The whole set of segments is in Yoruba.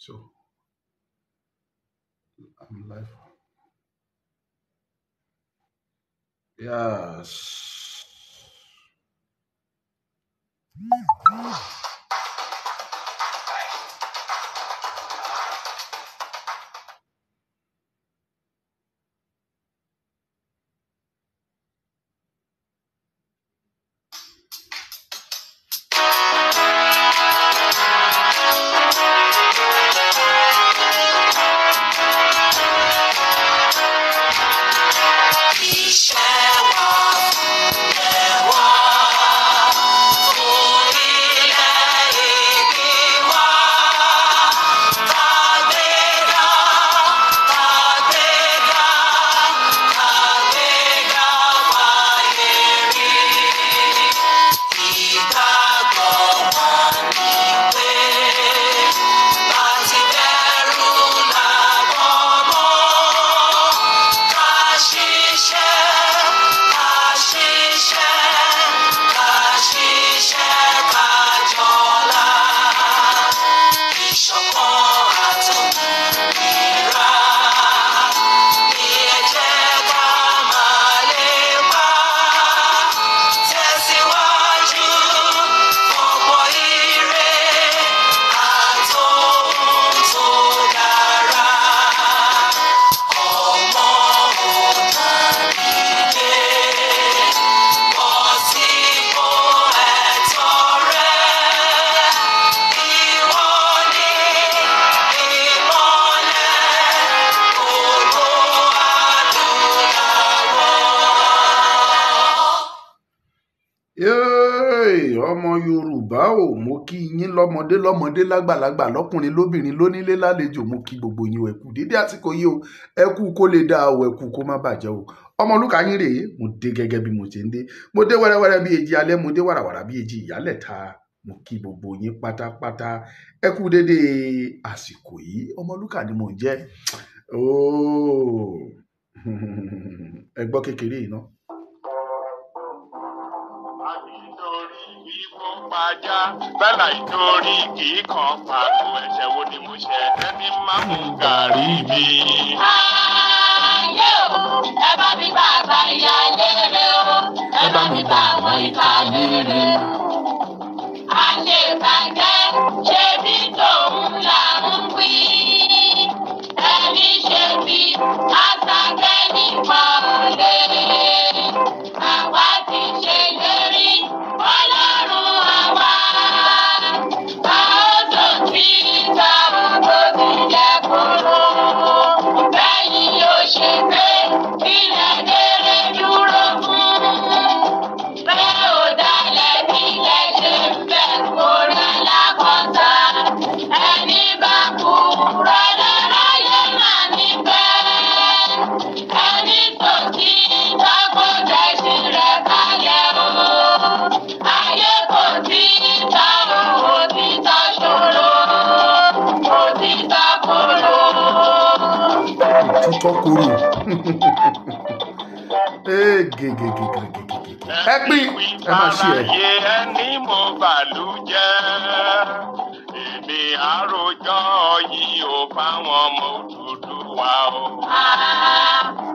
So I'm live. Yes. ọmọ yorùbá ò mọ kí yín lọ́mọdé lọ́mọdé lágbàlagbà lọ́kùnrin lóbìnrin lónílé lálejò mo kí gbogbo yín ẹ̀kú dédé àsìkò yìí o ẹ̀kú kó lè dáa o ẹ̀kú kó má bàjẹ́ o ọmọlúkà yín rèé mo dé gẹ́gẹ́ bí mo ṣe ń dé mo dé wẹ́rẹ́wẹ́rẹ́ bí èjì alẹ́ mo dé wàràwàrà bí èjì ìyálẹ̀ ta mo kí gbogbo yín pátápátá ẹ̀kú dédé àsìkò yìí ọmọlúkà ni mò ń jẹ́ ooo ẹ gbọ́ kékeré yìí náà máa já bẹ́ẹ̀ láì torí kì í kan pàtó ẹ̀ṣẹ̀ wo ni mo ṣe ẹni máa mú gàrí mi. ẹ bá mi bá àgbà ìyá léèrè o ẹ bá mi bá àwọn ìka léèrè. ayé ìbàjẹ́ ṣe bí tó. gègègègègègègè ẹ pín máa ṣe ẹ. àlàyé ẹni mo bàlú jẹ́ èmi àròjọ yìí ò fáwọn ọmọ òdòdó wa o.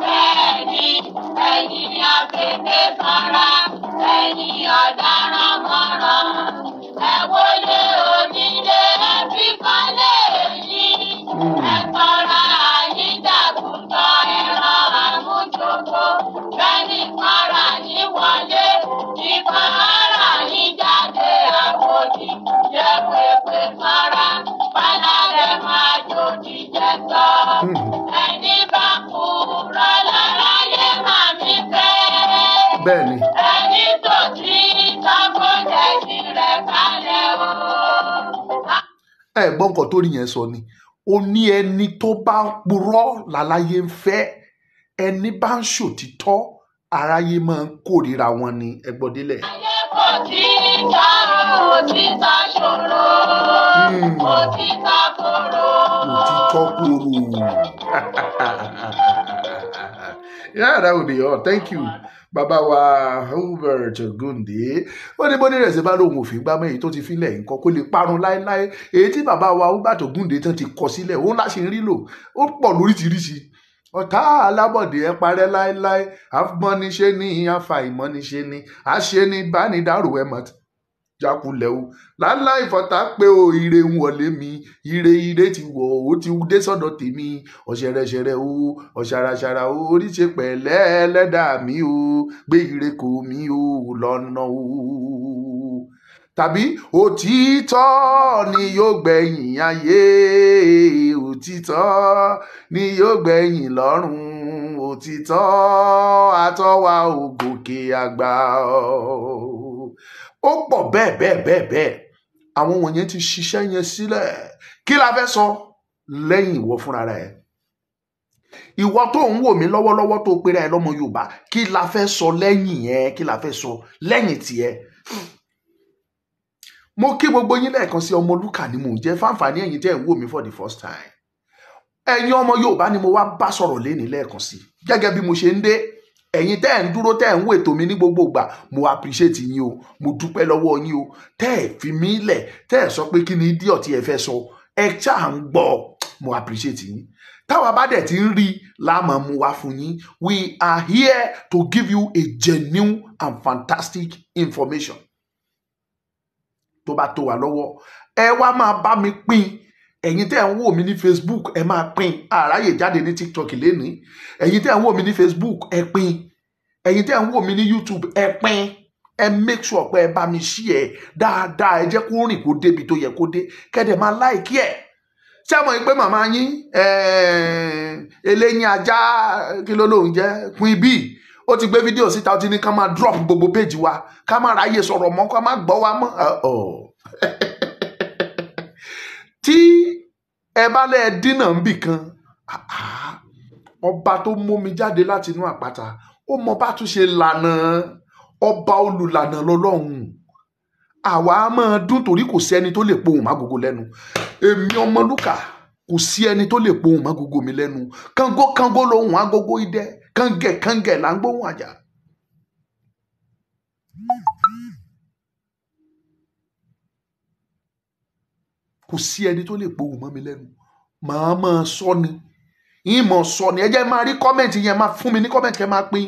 bẹ́ẹ̀ni ẹ̀yin afẹ́fẹ́ sọ́ra ẹ̀yin ọ̀daràn mọ́ràn. gbọ́ nǹkan tó rí yẹn sọ ni ó ní ẹni tó bá purọ́ làlàyé ń fẹ́ ẹni bá ń ṣòtítọ́ aráyé máa ń kórìíra wọn ni ẹ délẹ̀. àyẹ̀kọ̀ hmm. kúrò. òtítọ́ kúrò. yeah that would be all thank you bàbá wa Hubert Gunde ó ní bóni rẹ̀ ṣe bá lóun òfin gbámọ́ èyí tó ti filẹ̀ nǹkan kó lè parun láéláé èyí tí bàbá wa Hubert Gunde tán ti kọ sílẹ̀ òun láṣẹ ń rí lò ó pọ̀ lóríṣiríṣi ọ̀tá alábọ̀dé ẹ parẹ́ láéláé àfọmọ́niṣe ni àfàìmọ́niṣe ni àṣe ni bá ní dàrú ẹ mọ̀tì jákulẹ̀ o láńlá ìfọ̀tà pé o ire ń wọlé mi ire ire ti wọ̀ ó ti dé sọ́dọ̀ tèmi ọ̀ṣẹ̀rẹ̀ṣẹ̀rẹ̀ o ọ̀ṣàràṣàrà o oríṣi pẹ̀lẹ́ ẹlẹ́dàá mi o gbé ire kò mí o lọ́nà o tàbí òtítọ́ ni yóò gbẹ̀yìn ayé òtítọ́ ni yóò gbẹ̀yìn lọ́run òtítọ́ àtọ́wà ògòkè àgbà ọ̀ ó pọ̀ bẹ́ẹ̀ bẹ́ẹ̀ bẹ́ẹ̀ bẹ́ẹ̀ àwọn wọ̀nyẹn ti ṣiṣẹ́ yẹn sílẹ̀ kí la fẹ́ sọ lẹ́yìn ìwọ fúnra rẹ̀ ìwọ tó ń wò mí lọ́wọ́lọ́wọ́ tó pera ẹ lọ́mọ Yorùbá kí la fẹ́ sọ lẹ́yìn yẹn kí la fẹ́ sọ lẹ́yìn tiẹ̀ mo kí gbogbo yín lẹ́ẹ̀kan sí Ọmọlúkà ni mò ń jẹ́ fáǹfààní ẹ̀yin tẹ́ ẹ̀ ń wò mí for the first time ẹ̀yin ọmọ Yorùbá ni mo wá bá sọ̀rọ̀ lénìí lẹ́ẹ̀kan sí gẹ́gẹ́ bí mo ṣe ń dé ẹ̀yin tẹ́ ẹ̀ ń dúró tẹ́ ẹ̀ ń wò ètò mi ní gbogbo ìgbà mo appreciate yín o mo dúpẹ́ lọ́wọ́ yín o tẹ́ ẹ̀ fi mí lẹ̀ tẹ́ ẹ̀ sọ pé kí ni díọ̀ tí ẹ fẹ́ sọ ẹ ṣáà ń gbọ́ mo appreciate yín táwa bá dẹ̀ ti ń rí láàmú mu wá fún yín we are here to give you a genuine and fantastic information tó bá tó wà lọ́wọ́ ẹ wá máa bá mi pín ẹ̀yin tẹ́ ń wò mí ní facebook ẹ máa pín àráyè jáde ní tiktok lẹ́ni ẹ̀yin tẹ́ ń wò mí ní facebook ẹ pín ẹ̀yin tẹ́ ń wò mí ní youtube ẹ pín ẹ make sure pé ẹ bá mi ṣí ẹ dáadáa ẹ jẹ́ kó rìn kó débi tó yẹ kó dé kẹ́dẹ̀ máa láìkí ẹ̀ ṣé àmọ́ pé màmá yín eléyìn ajá kí ló lóun jẹ́ queen bee ó ti gbé fídíò síta ó ti ní ká máa drop gbogbo péjì wa ká máa ráyè sọ̀rọ̀ mọ́ ká máa gbọ́ wa mọ́. tí ẹ bá lẹ́ dínà ń bì kan ọba tó mómi jáde láti inú àpáta ó mọ bá tún ṣe lànà ọba olùlànà lọ́lọ́run àwa á máa dún torí kò sí ẹni tó lè pohùn mágogo lẹ́nu èmi ọmọ kò sí ẹni tó lè pohùn mágogo mi lẹ́nu kángo kángo lohùn agogo idẹ kángẹ kángẹ là ń gbóhùn àjà kò sí ẹni tó lè powò mọ́ mi lẹ́nu màá máa sọ ni ìmọ̀ sọ ni ẹ jẹ́ máa rí kọ́mẹ̀ntì yẹn máa fún mi ní kọ́mẹ̀ntì yẹn máa pín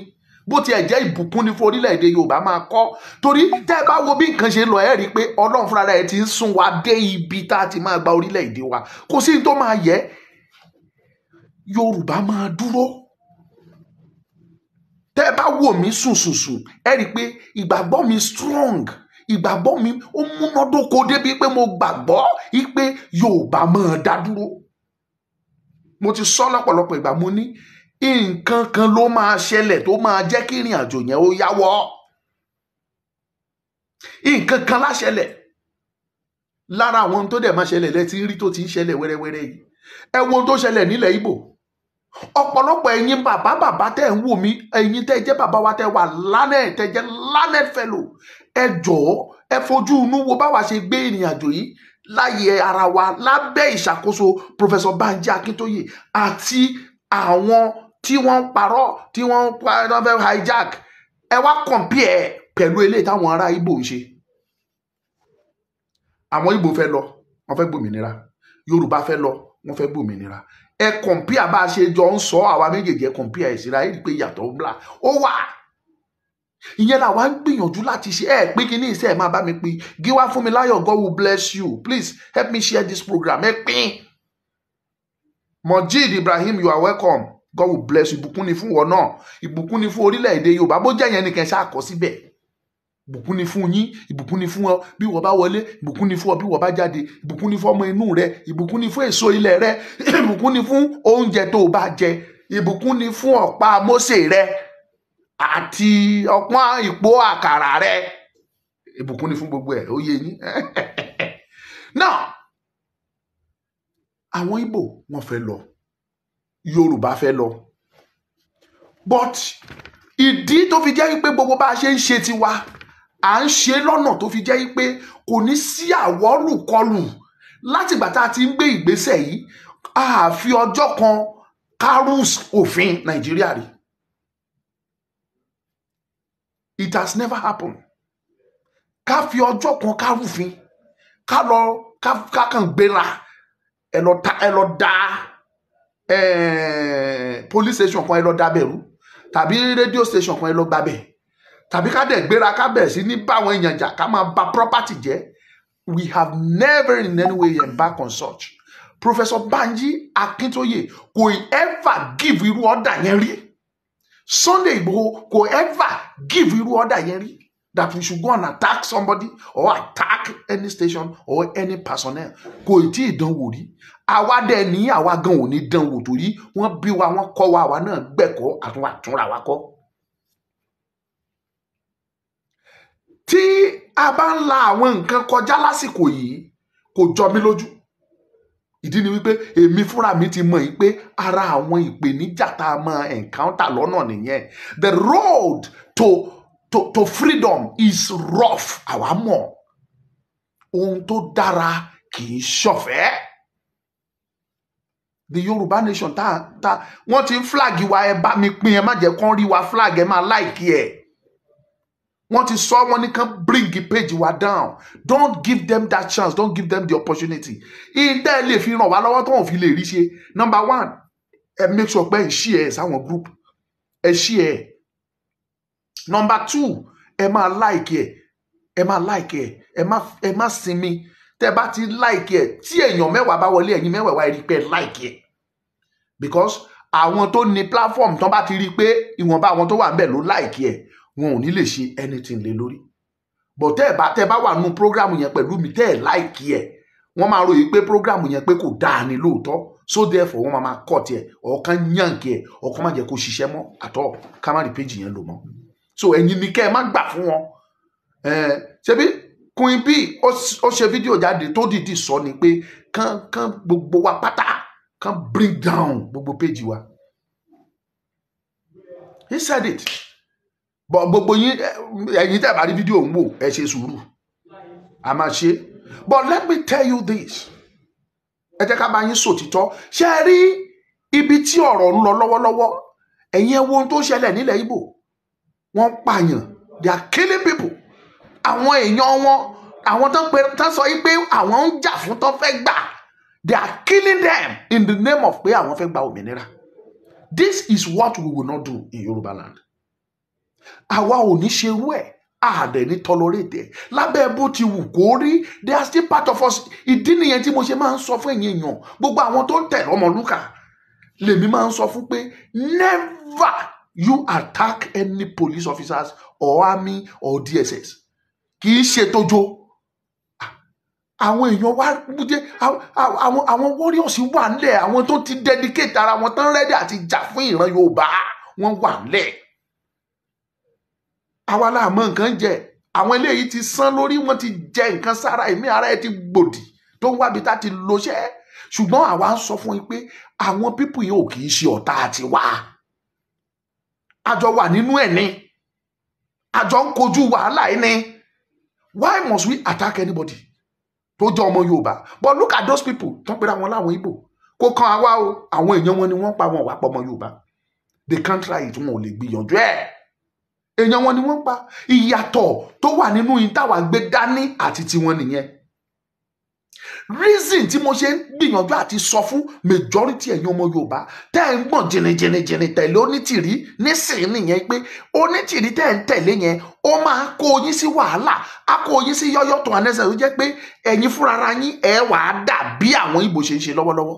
bó tiẹ̀ jẹ́ ìbùkún ní fún orílẹ̀-èdè yorùbá máa kọ́ torí tẹ́ ẹ bá wo bí nǹkan ṣe lọ ẹ rí i pé ọlọ́run fúnra ẹ ti ń sún wa dé ibi tá a ti máa gba orílẹ̀-èdè wa kò sí tó máa yẹ yorùbá máa dúró tẹ́ ẹ bá wò mí sùnsùnsùn ẹ rí i pé ìgbàgbọ́ mi strong ìgbàgbọ́ mi ó múnádóko débi pé mo gbàgbọ́ pé Yorùbá máa dá dúró mo ti sọ lọ́pọ̀lọpọ̀ ìgbà mo ní nǹkan kan ló máa ṣẹlẹ̀ tó máa jẹ́ kí ìrìn àjò yẹn ó yáwọ́ nǹkan kan láṣẹlẹ̀ lára àwọn tó dẹ̀ máa ṣẹlẹ̀ lẹ́tí rí tó ti ń ṣẹlẹ̀ wẹ́rẹ́wẹ́rẹ́ yìí ẹ wo ohun tó ṣẹlẹ̀ nílẹ̀ Ìgbò ọ̀pọ̀lọpọ̀ ẹ̀yin bàbá bàbá tẹ́ ń wò mí ẹ̀yin tẹ́ jẹ́ bàbá wa tẹ́ wà lánẹ̀ tẹ́ jẹ́ lánẹ̀ fẹ́lò ẹ jọ̀ọ́ ẹ fojú inú wo báwa ṣe gbé ìrìn àjò yìí láyé ara wa lábẹ́ ìṣàkóso Professor Banji Akintoye àti àwọn tí wọ́n ń parọ́ tí wọ́n ń pa ẹ̀rọ fẹ́ hijack ẹ wá compare pẹ̀lú eléyìí táwọn ará Ìgbò ń ṣe àwọn Ìgbò fẹ́ lọ wọ́n fẹ́ gbòmìnira Yorùbá fẹ́ lọ wọ́n fẹ́ gbòmìnira ẹ kọ̀mpíà bá a ṣe jọ ń sọ àwa méjèèjì ẹ kọ̀mpíà ẹ̀ síra ẹ rí i pé ìyàtọ̀ ńlá ó wà ìyẹn làwa ń gbìyànjú láti ṣe ẹ pé kí ní ìṣe ẹ máa bá mi pín Gíwá Fúnmiláyọ̀ God will bless you please help me share this program ẹ pín Mojid Ibrahim you are welcome God will bless you ìbùkún ni fún wọn náà ìbùkún ni fún orílẹ̀-èdè Yorùbá bó jẹ́ yẹn nìkan ṣáà kọ síbẹ̀ ìbùkún ni fún yín ìbùkún ni fún ọ bí wọ́n bá wọlé ìbùkún ni fún ọ bí wọ́n bá jáde ìbùkún ni fún ọmọ inú rẹ ìbùkún ni fún èso ilẹ̀ rẹ ìbùkún ni fún oúnjẹ tó o bá jẹ ìbùkún ni fún ọ̀pá Mósè rẹ àti ọpọ́n ìpò àkàrà rẹ ìbùkún ni fún gbogbo ẹ̀ ó yé yín náà àwọn Ìgbò wọ́n fẹ́ lọ Yorùbá fẹ́ lọ but ìdí tó fi jẹ́ wípé gbogbo bá a ṣe ń ṣe tiwa à ń ṣe lọ́nà tó fi jẹ́ pé kò ní sí àwọ́rùkọlù látìgbà tá a ti ń gbé ìgbésẹ̀ yìí a fi ọjọ́ kan carus òfin nàìjíríà rí it has never happened ká fi ọjọ́ kan kárùfin ká lọ ká kàn gbéra ẹ lọ ta ẹ lọ da eh, police station kan ẹ lọ da bẹ̀rù tàbí radio station kan ẹ lọ gbàbẹ̀ tàbí ká dẹ̀ gbéra ká bẹ̀rẹ̀ sí ní báwọn èèyàn jà ká máa ba property jẹ́ we have never in any way embarked on such professor Banji Akintoye kò ever give irú ọ̀dà yẹn rí Sunday Igboho kò ever give irú ọ̀dà yẹn rí that we should go and attack somebody or attack any station or any personnel kò tí ì dánwò rí àwa dẹ ní àwa gan ò ní dánwò torí wọ́n bí wa wọ́n kọ́ wa àwa náà gbẹ̀kọ́ àtúnwàtúnra wa kọ́. tí a bá ń la àwọn nǹkan kọjá lásìkò yìí kò jọ mí lójú ìdí ni wípé èmi fúnra mi ti mọ̀ yìí pé ara àwọn ìpèníjà tá a máa encounter lọ́nà nìyẹn the road to to to freedom is rough àwa mọ̀ ohun tó dára kì í ṣọ̀fẹ́ the Yorùbá nation ta ta wọ́n ti ń flag wa ẹ bá mi pín ẹ má jẹ́ kán rí wa flag ẹ máa láìkí ẹ wọ́n ti sọ wọ́n ní kan bring page wa down don't give them that chance don't give them the opportunity ìdá ẹ lè fi ràn wá lọ́wọ́ tó wọ́n fi lè rí ṣe number one make sure pé ẹ share ẹ sáwọn group ẹ share ẹ number two ẹ máa like ẹ ẹ máa like ẹ ẹ má ẹ má sinmi tẹ bá ti like ẹ tí èèyàn mẹ́wàá bá wọlé ẹ̀yin mẹ́wàá wá rí pé like ẹ because àwọn tó ní platform tán bá ti rí i pé ìwọ̀nba àwọn tó wà ń bẹ̀ ló like ẹ wọn ò ní lè ṣe anything lé lórí bọ̀ tẹ́ ẹ̀ bá tẹ́ ẹ bá wà nù program yẹn pẹ̀lú mi tẹ́ ẹ̀ láìkí ẹ̀ wọ́n máa ròyìn pé program yẹn pé kò dáa ni lóòótọ́ so therefore wọ́n máa máa kọ́ tiẹ̀ ọ̀kan yànkì ẹ̀ ọ̀kan má jẹ́ kó ṣiṣẹ́ mọ́ àtọ́ ká má rí péjì yẹn lò mọ́ so ẹ̀yin ni kẹ́ ẹ má gbà fún wọn eh, ṣebí Queen B ó ṣe fídíò jáde tó dìdí sọ ni pé kán kán gbogbo wa pátá kán bring down gbogbo péjì wa he said it bọ gbogbo yín eh, ẹ̀yin tẹ́ bá rí fídíò ń wò ẹ ṣe sùúrù a máa ṣe but let me tell you this ẹ jẹ́ ká bá yín sòtítọ́ ṣe é rí ibi tí ọ̀rọ̀ ń lọ lọ́wọ́lọ́wọ́ ẹ̀yin ẹ wo ohun tó ṣẹlẹ̀ nílẹ̀ Ìgbò wọ́n pààyàn they are killing people àwọn èèyàn wọn àwọn tó ń pe tó ń sọ yìí pé àwọn ń jà fún tó fẹ́ gbà they are killing them in the name of pé àwọn fẹ́ gba òmìnira this is what we will not do in Yoruba land àwa ò ní ṣe irú ẹ̀ àdẹ̀ ní tolerate ẹ̀ lábẹ́ bó ti wù kó rí they are still part of us ìdí nìyẹn tí mo ṣe máa ń sọ fún ẹ̀yin èèyàn gbogbo àwọn tó ń tẹ̀lé ọmọ lúkà lèmi máa ń sọ fún pé never you attack any police officers or army or DSS kì í ṣe tójó àwọn èèyàn wá bújẹ àwọn àwọn warriors wà nílẹ̀ àwọn tó ti dedicate ara wọn tán rẹ́dí àti jà fún ìran Yorùbá wọ́n wà nílẹ̀ àwa la mọ nǹkan jẹ àwọn eléyìí ti sán lórí wọn ti jẹ nǹkan sára ẹ̀mí ara ẹ ti gbòdì tó ń wábi tá ti lo ṣẹ́ ṣùgbọ́n àwa ń sọ fún yín pé àwọn pípù yìí ò kì í ṣe ọ̀tá àti wá àjọ wà nínú ẹ̀ ni àjọ ń kojú wàhálà yìí ni why must we attack anybody tó jẹ́ ọmọ Yorùbá but look at those people tó ń pera wọn láwọn Ìgbò kó kan àwa o àwọn èèyàn wọn ni wọ́n pa wọn wà pọ̀ ọmọ Yorùbá they can't try it wọn ò lè gbìyànjú ẹ̀ èèyàn wọn ni wọ́n pa ìyàtọ̀ tó wà nínú ìtawà gbé dání àti tiwọn nìyẹn reason tí mo ṣe ń gbìyànjú àti sọ fún majority ẹ̀yin ọmọ Yorùbá tẹ́ ẹ̀ ń gbọ̀n jìnnìjìnnìjìnnì tẹ̀lé onítìrí nísìnyí nìyẹn pé onítìrí tẹ́ ẹ̀ ń tẹ̀lé yẹn ó máa kó yín sí wàhálà á kó yín sí yọ́yọ́ tó anẹ́sẹ̀ tó jẹ́ pé ẹ̀yin fúnra yín ẹ̀ wàá dà bí àwọn Ìgbò ṣe ń ṣe lọ́wọ́lọ́wọ́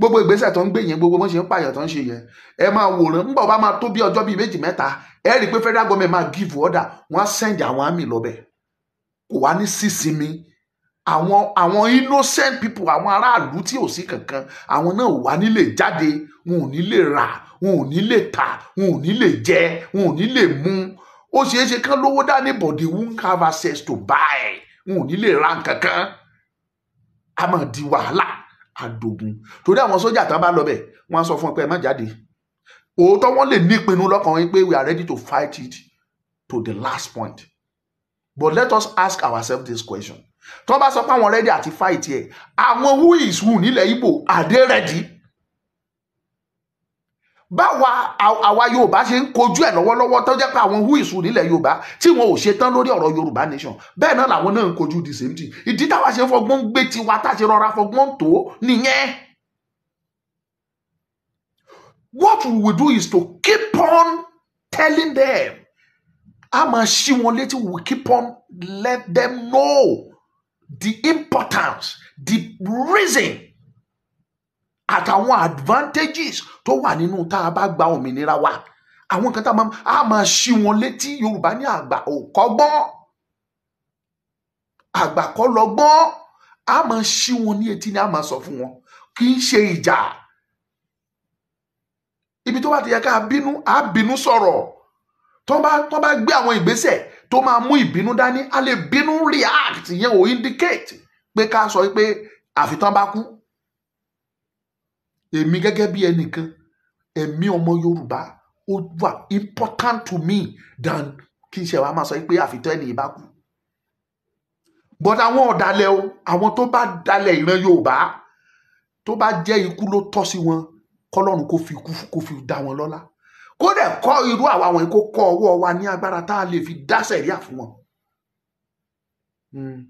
gbogbo ìgbésẹ̀ tó ń gbé yẹn gbogbo bó ṣe ń pààyàn tó ń ṣe yẹn ẹ máa wòran nígbà bá máa tó bí ọjọ́ bíi méjì mẹ́ta ẹ rí i pé federal government máa give order wọ́n á send àwọn army lọ́bẹ̀ kò wá ní sísinmi àwọn àwọn innocent people àwọn aráàlú tí ò sí kankan àwọn náà wà nílé jáde wọn ò nílé rà wọn ò nílé tà wọn ò nílé jẹ wọn ò nílé mu ó ṣeé ṣe kán lówó dání but they won't have access to buy wọn ò nílé ra kankan a máa di wàhálà adogun torí àwọn sójà tán bá lọ bẹ̀ wọ́n á sọ fún ọ pé ẹ má jáde òótọ́ wọ́n lè ní ìpinnu lọ́kàn yín we are ready to fight it to the last point but let us ask ourselves this question tó bá sọ pé àwọn ready àti fight yẹ àwọn who is who nílẹ̀ Ìgbò are they ready báwa àwa yorùbá ṣe ń kojú ẹ̀ lọ́wọ́lọ́wọ́ tó jẹ́ pé àwọn who is nílẹ̀ yorùbá tí wọn ò ṣetán lórí ọ̀rọ̀ yorùbá nation bẹ́ẹ̀ náà làwọn náà ń kojú the same thing ìdí táwa ṣe ń fọgbọ́n gbé tiwa tá a ṣe rọra fọgbọ́n tó nìyẹn. What we will do is to keep on telling them a máa ṣí wọn létí we will keep on let them know the importance the reason àtàwọn advantages tó wà nínú tá a bá gba òmìnira wa àwọn nǹkan tá a máa ṣí wọn létí yorùbá ní àgbà ò kọ́gbọ́n àgbà kọ́ a máa ṣí wọn ní etí ni a máa sọ fún wọn kì í ṣe ìjà ibi tó bá ti yẹ ká bínú á bínú sọ̀rọ̀ tó bá tó bá gbé àwọn ìgbésẹ̀ tó máa mú ìbínú dání a lè bínú react yẹn o indicate pé ká sọ pé àfitán bá kú èmi gẹ́gẹ́ bí ẹnìkan ẹ̀mí ọmọ Yorùbá ó wà important to me than kí n ṣe wàá máa sọ pé àfitọ́ ẹnìyàn bá kú but àwọn ọ̀dàlẹ̀ o àwọn tó bá dalẹ̀ ìran Yorùbá tó bá jẹ́ ikú ló tọ́ sí wọn kọ́lọ́run kó fi ikú kó fi dá wọn lọ́lá kó dẹ̀ kọ́ irú àwa wọ̀nyí kó kọ́ ọwọ́ wa ní agbára tá a lè fi dá sẹ̀ríà fún wọn hmm.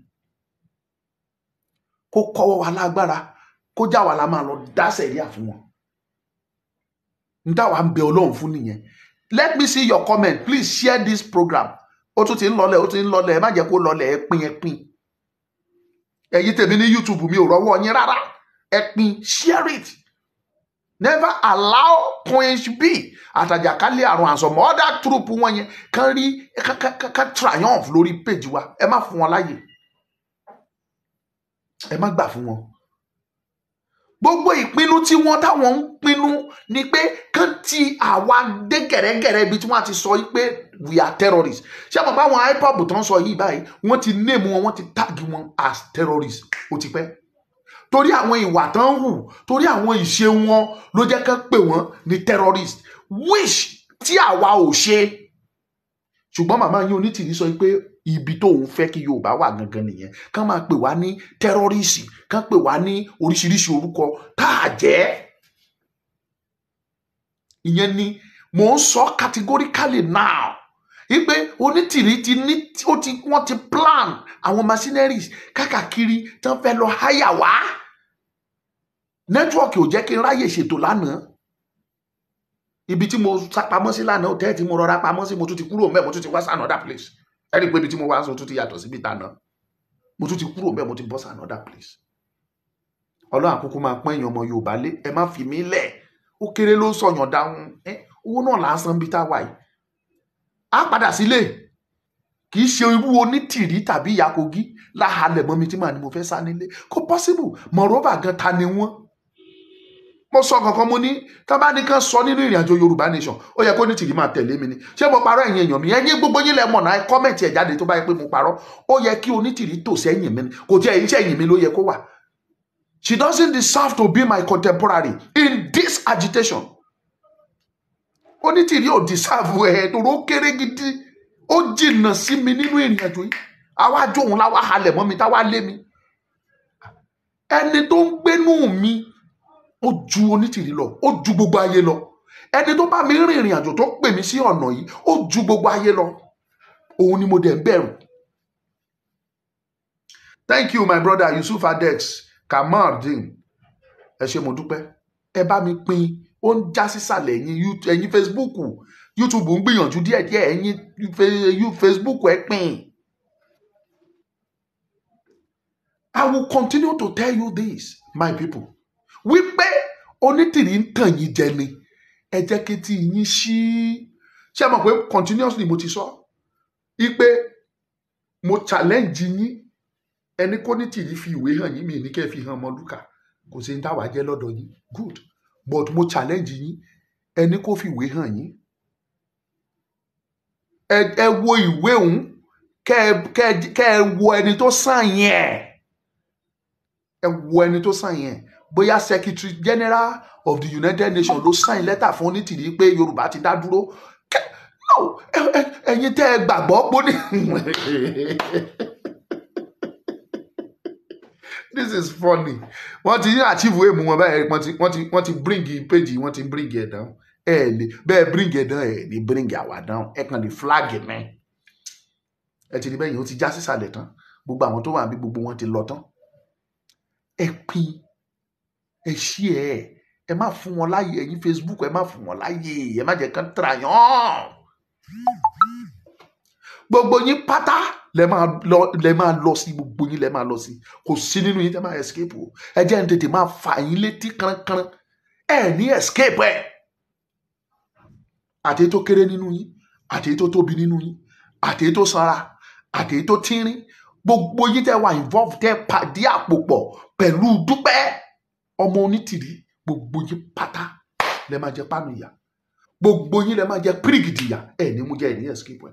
kó kọ́ ọwọ́ wa lágbára kó já wa la máa lọ dá sẹ̀ríà fún wọn n dá wa ń bẹ ọlọ́run fún nìyẹn let me see your comment please share this program ó tún ti ń lọlẹ̀ ó tún ti ń lọlẹ̀ ẹ má jẹ́ kó lọlẹ̀ ẹ pín ẹ pín ẹ̀yin tèmi ní YouTube mi ò rọ́wọ́ yín rárá ẹ pín share it never allow point b àtàjàkálẹ̀ àrùn and some other troop wọn yẹn kàn rí kàn triumph lórí page wa ẹ má fún wọn láyè ẹ má gbà fún wọn gbogbo ìpinnu tí wọ́n táwọn ń pinnu ni pé kán ti àwa dé gẹ̀rẹ́gẹ̀rẹ́ ibi tí wọ́n ti sọ pé we are terrorists ṣé àmọ́ báwọn IPOB tó ń sọ yìí báyìí wọ́n ti name wọn wọ́n ti tag wọn as terrorists ó ti pẹ́ torí àwọn ìwà tán ń hù torí àwọn ìṣe wọn ló jẹ́ kán pè wọ́n ní terrorists which tí àwa ò ṣe ṣùgbọ́n màmá yín onítìrí sọ pé ibi tóun fẹ́ kí Yorùbá wà gangan nìyẹn kán máa pè wá ní tẹ́rọ́rìsì kán pè wá ní oríṣiríṣi orúkọ tá a jẹ́ ìyẹn ni mò ń sọ categorically now wípé onítìrí ti ní ó ti wọ́n ti plan àwọn machineries káàkiri tán fẹ́ lọ háyà wá nẹ́tíwọ̀kì ò jẹ́ kí n ráyè ṣètò lánàá ibi tí mo sá pamọ́ sí lánàá òtẹ́ẹ̀ tí mo rọra pamọ́ sí mo tún ti kúrò mẹ́ẹ̀ mo tún ti wá sí another place ẹ i pé ibi tí mo wá ń sọ tún ti yàtọ̀ síbi ìtànà mo tún ti kúrò bẹ́ẹ̀ mo ti bọ́ sí another place ọlọ́run àkókò máa pọ́n èèyàn ọmọ yorùbá lé ẹ má fi mí lẹ̀ ó kéré ló ń sọ̀yàn dáhùn owó náà là ń san bí tá a wà yìí á padà sílé kì í ṣe irú onítìrí tàbí ìyá kogi láhalẹ̀ mọ́ mi tí màá ní mo fẹ́ sá nílé kò possible moreover gan ta ni wọ́n mo sọ kankan mo ní tá ní kan sọ nínú ìrìn àjò yorùbá nation ó yẹ kó ní tìrì máa tẹ̀lé mi ni ṣé mo parọ́ ẹ̀yin èèyàn mi ẹ̀yin gbogbo yín lẹ náà kọ́mẹ̀ntì ẹ̀ jáde tó bá yẹ pé mo parọ́ ó yẹ kí onítìrì tò sẹ́yìn mi kò tí ẹ̀ iṣẹ́ ẹ̀yìn mi ló yẹ kó wà She doesn't deserve to be my contemporary in this agitation. Onítìrí ò deserve ẹ̀ torí ó kéré gidi. Ó jìnnà sí mi nínú ìrìn àjò yìí. Àwa jó òun láwa halẹ̀ mọ́ mi táwa lé mi. Ẹni tó ń gbénú mi ó ju onítìrí lọ ó ju gbogbo ayé lọ ẹni tó bá mi rìn ìrìn àjò tó pè mí sí ọ̀nà yìí ó ju gbogbo ayé lọ òun ni mo dẹ̀ ń bẹ̀rù. thank you my brother yusuf adex kamaldeen ẹ ṣe mo dúpẹ́ ẹ bá mi pín ó ń já sísàlẹ̀ ẹ̀yin ẹ̀yin facebook youtube ń gbìyànjú díẹ̀díẹ̀ ẹ̀yin facebook ẹ pín. I will continue to tell you this, my people wípé onítìrí ń tàn yín jẹ ni ẹ jẹ́ kí tí yín ṣí ṣé ẹ mọ̀ pé continuously mo ti sọ wípé mo challenge yín ẹni kó nítìrí fi ìwé hàn yín mi ní kẹ́ ẹ fi hàn Ọmọlúkà kò sí ní táwa jẹ́ lọ́dọ̀ yín good but mo challenge yín ẹni kó fi ìwé hàn yín ẹ wo ìwé òun kẹ́ ẹ wo ẹni tó sàn yẹn ẹ wo ẹni tó sàn yẹn bóyá secretary general of the united nations ló sign letter fún onítìrí pé yorùbá ti dá dúró no ẹ̀yin tẹ́ ẹ gbàgbọ́ pọ̀ ní. this is funny wọ́n ti ní àtìwé mu wọn báyìí wọ́n ti wọ́n ti bring page wọ́n ti bring ẹ̀ down ẹ lè bẹ́ẹ̀ bring ẹ̀ down ẹ̀ lè bring àwa down ẹ kàn lè flag mi ẹ ti ní bẹ́ẹ̀ yìí ó ti já sísàlẹ̀ tán gbogbo àwọn tó wà níbi gbogbo wọn ti lọ tán ẹ pín ẹ ṣí ẹ ẹ má fún wọn láàyè ẹ̀yin Facebook ẹ má fún wọn láàyè ẹ má jẹ́ kán tàyàn gbogbo yín pátá lẹ máa lọ lẹ máa lọ sí gbogbo yín lẹ máa lọ sí kò sí nínú yín tẹ máa escape o ẹ jẹ́ ń tètè máa fà yín létí kankan ẹ ní escape ẹ àti tó kéré nínú yín àti tó tóbi nínú yín àti tó sanra àti tó tínrín gbogbo yín tẹ wà involve tẹ pàdé àpòpọ̀ pẹ̀lú dúpẹ́ ọmọ onítìrí gbogbo yín pátá lẹ máa jẹ pánù ìyà gbogbo yín lẹ máa jẹ pírígìdì ẹ ní mú jẹ ẹ ní escape ẹ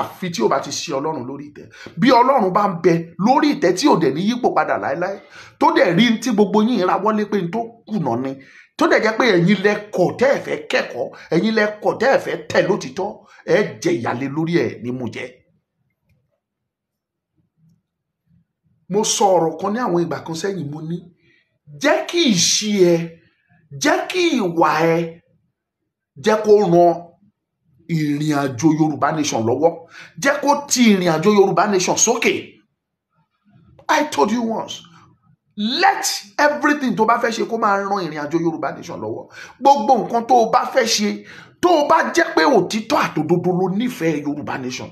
àfi tí o bá ti ṣe ọlọ́run lórí ìtẹ́ bí ọlọ́run bá ń bẹ lórí ìtẹ́ tí ò dẹ̀ ní yípo padà láéláé tó dẹ̀ rí tí gbogbo yín ìrawọ́lé pé n tó kùnà ni tó dẹ̀ jẹ́ pé ẹ̀yin lẹ kọ̀ tẹ́ ẹ̀ fẹ́ kẹ́kọ̀ọ́ ẹ̀yin lẹ kọ̀ tẹ́ ẹ̀ tẹ̀ lótìtọ́ ẹ̀ jẹ ìyàlẹ́ lórí ẹ̀ ní mú jẹ. mo sọ ọ̀rọ̀ kan ní àwọn ìgbà kan sẹ́yìn mo ní jẹ́ kí ìṣe ẹ jẹ́ kí ìwà ẹ jẹ́ kó ran ìrìn àjò Yorùbá nation lọ́wọ́ jẹ́ kó ti ìrìn àjò Yorùbá nation sókè I told you once let everything tó bá fẹ́ ṣe kó máa ran ìrìn àjò Yorùbá nation lọ́wọ́ gbogbo nǹkan tó o bá fẹ́ ṣe tó o bá jẹ́ pé òtítọ́ àtòdodo ló nífẹ̀ẹ́ Yorùbá nation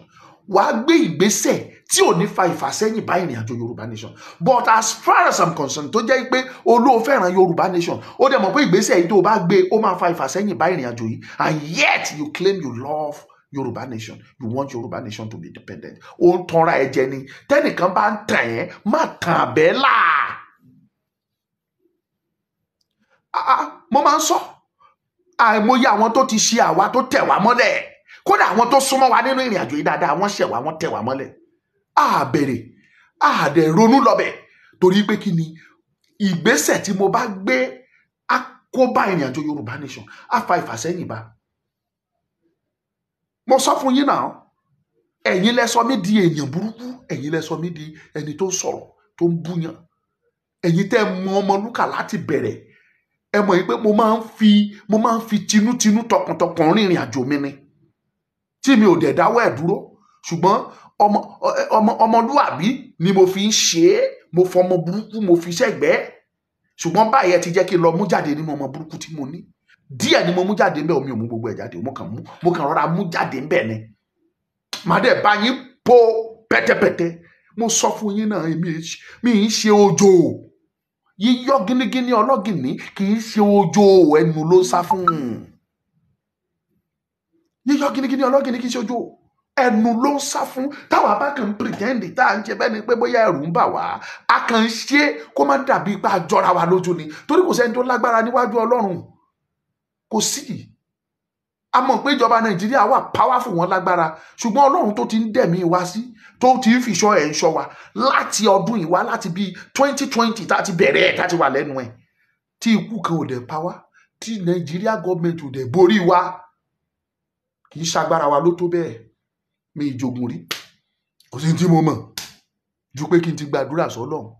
wàá gbé ìgbésẹ̀ tí ò ní fa ìfàsẹ́yìn bá ìrìn àjò yorùbá nation but as far as i'm concerned tó jẹ́ pé olóò fẹ́ràn yorùbá nation ó dẹ̀ mọ̀ pé ìgbésẹ̀ yìí tó o bá gbé ó máa fa ìfàsẹ́yìn bá ìrìn àjò yìí and yet you claim you love yorùbá nation you want yorùbá nation to be independent ó ń tanra ẹ jẹ ni tẹ́nìkan bá ń tàn ẹ́ má tàn àbẹ́là ah, ah, mo máa ń sọ àìmọye àwọn tó ti ṣe àwa tó tẹ̀ wá mọ́lẹ̀ kódà àwọn tó súnmọ́ wa nínú ìrìn àjò yìí dáadáa wọ́n ṣẹ̀ wá wọ́n tẹ̀ wá mọ́lẹ̀ á bẹ̀rẹ̀ á dẹ̀ ronú lọ́bẹ̀ torí pé kí ni ìgbésẹ̀ tí mo bá gbé á kó bá ìrìn àjò Yorùbá nation á fa ìfàsẹ́yìn bá mo sọ fún yín náà ẹ̀yin lẹ sọ di èèyàn burúkú ẹ̀yin lẹ sọ di ẹni tó ń sọ̀rọ̀ tó ń búyàn ẹ̀yin tẹ́ mọ Ọmọlúkà láti bẹ̀rẹ̀ ẹ mọ̀ yìí pé mo máa ń fi mo máa ń fi tinútinú tọkàntọkàn rìnrìn àjò mi ni tí mi ò dẹ̀ dáwọ́ ẹ̀ dúró ṣùgbọ́n ọmọ ọmọ ọmọlúwàbí ni mo fi ń ṣe é mo fọmọ burúkú mo fi ṣẹ́gbẹ́ ṣùgbọ́n báyìí ti jẹ́ kí n lọ mú jáde nínú ọmọ burúkú tí mo ní díẹ̀ ni mo mú jáde ń bẹ̀ omi ò mú gbogbo ẹ̀ jáde mo kàn mú mo kàn rọra mú jáde ń bẹ̀ ni màá dẹ̀ bá yín po pẹ́tẹ́pẹ́tẹ́ mo sọ fún yín náà mi ì ṣe ojo yíyọ gínígíní ọlọ́gìnní kì í ṣe ojo ẹnu ló sá fún un yíyọ gínígíní ọlọ́gìní kì í ṣe ojú o ẹnu ló ń sá fún táwọn abákan ń pìrìtẹ́ǹdì tá à ń ṣe bẹ́ẹ̀ ni pé bóyá ẹ̀rù ń bà wá a kàn ṣe kó má dàbí ipá jọra wa lójú ni torí kò sẹ́ni tó lágbára níwájú ọlọ́run kò sí a mọ̀ pé ìjọba nàìjíríà wà powerful wọn lágbára ṣùgbọ́n ọlọ́run tó ti ń dẹ̀mí wa sí tó ti ń fìṣọ́ ẹ̀ ń ṣọ́ wa láti ọdún ìwá láti bíi twenty twenty tá a ti bẹ̀rẹ̀ ẹ̀ tá a ti wà lẹ́nu ẹ̀ tí ikú kan ò dẹ̀ pa wá tí nàìjíríà gọ́ọ̀mẹ̀ntì ò dẹ̀ borí wa kì í ṣagbára wa ló tó bẹ́ẹ̀ mi ìjogun rí kò sí tí mo mọ̀ ju pé kí n ti gbàdúrà sọ́lọ́run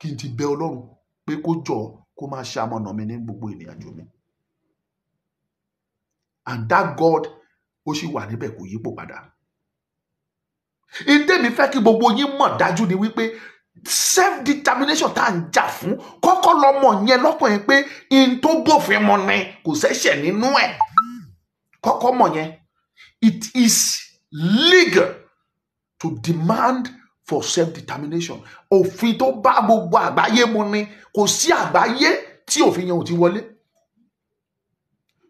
kí n ti bẹ ọlọ́run pé kó jọ kó máa ṣe amọ̀nà mi ní gbogbo ìrìn àjò mi and that God ó sì wà níbẹ̀ kò yípo padà ìdẹ́mi fẹ́ kí gbogbo yín mọ̀ dájú ni wípé self determination tá à ń jà fún kọ́kọ́ lọ́mọ yẹn lọ́kàn yẹn pé n tó bófin mọ ni kò ṣẹ̀ṣẹ̀ nínú ẹ̀ kọ́kọ́ mọ̀ yẹn It is legal to demand for self-determination. Òfin tó bá gbogbo àgbáyé mu ni kò sí àgbáyé tí òfin yẹn ò ti wọlé.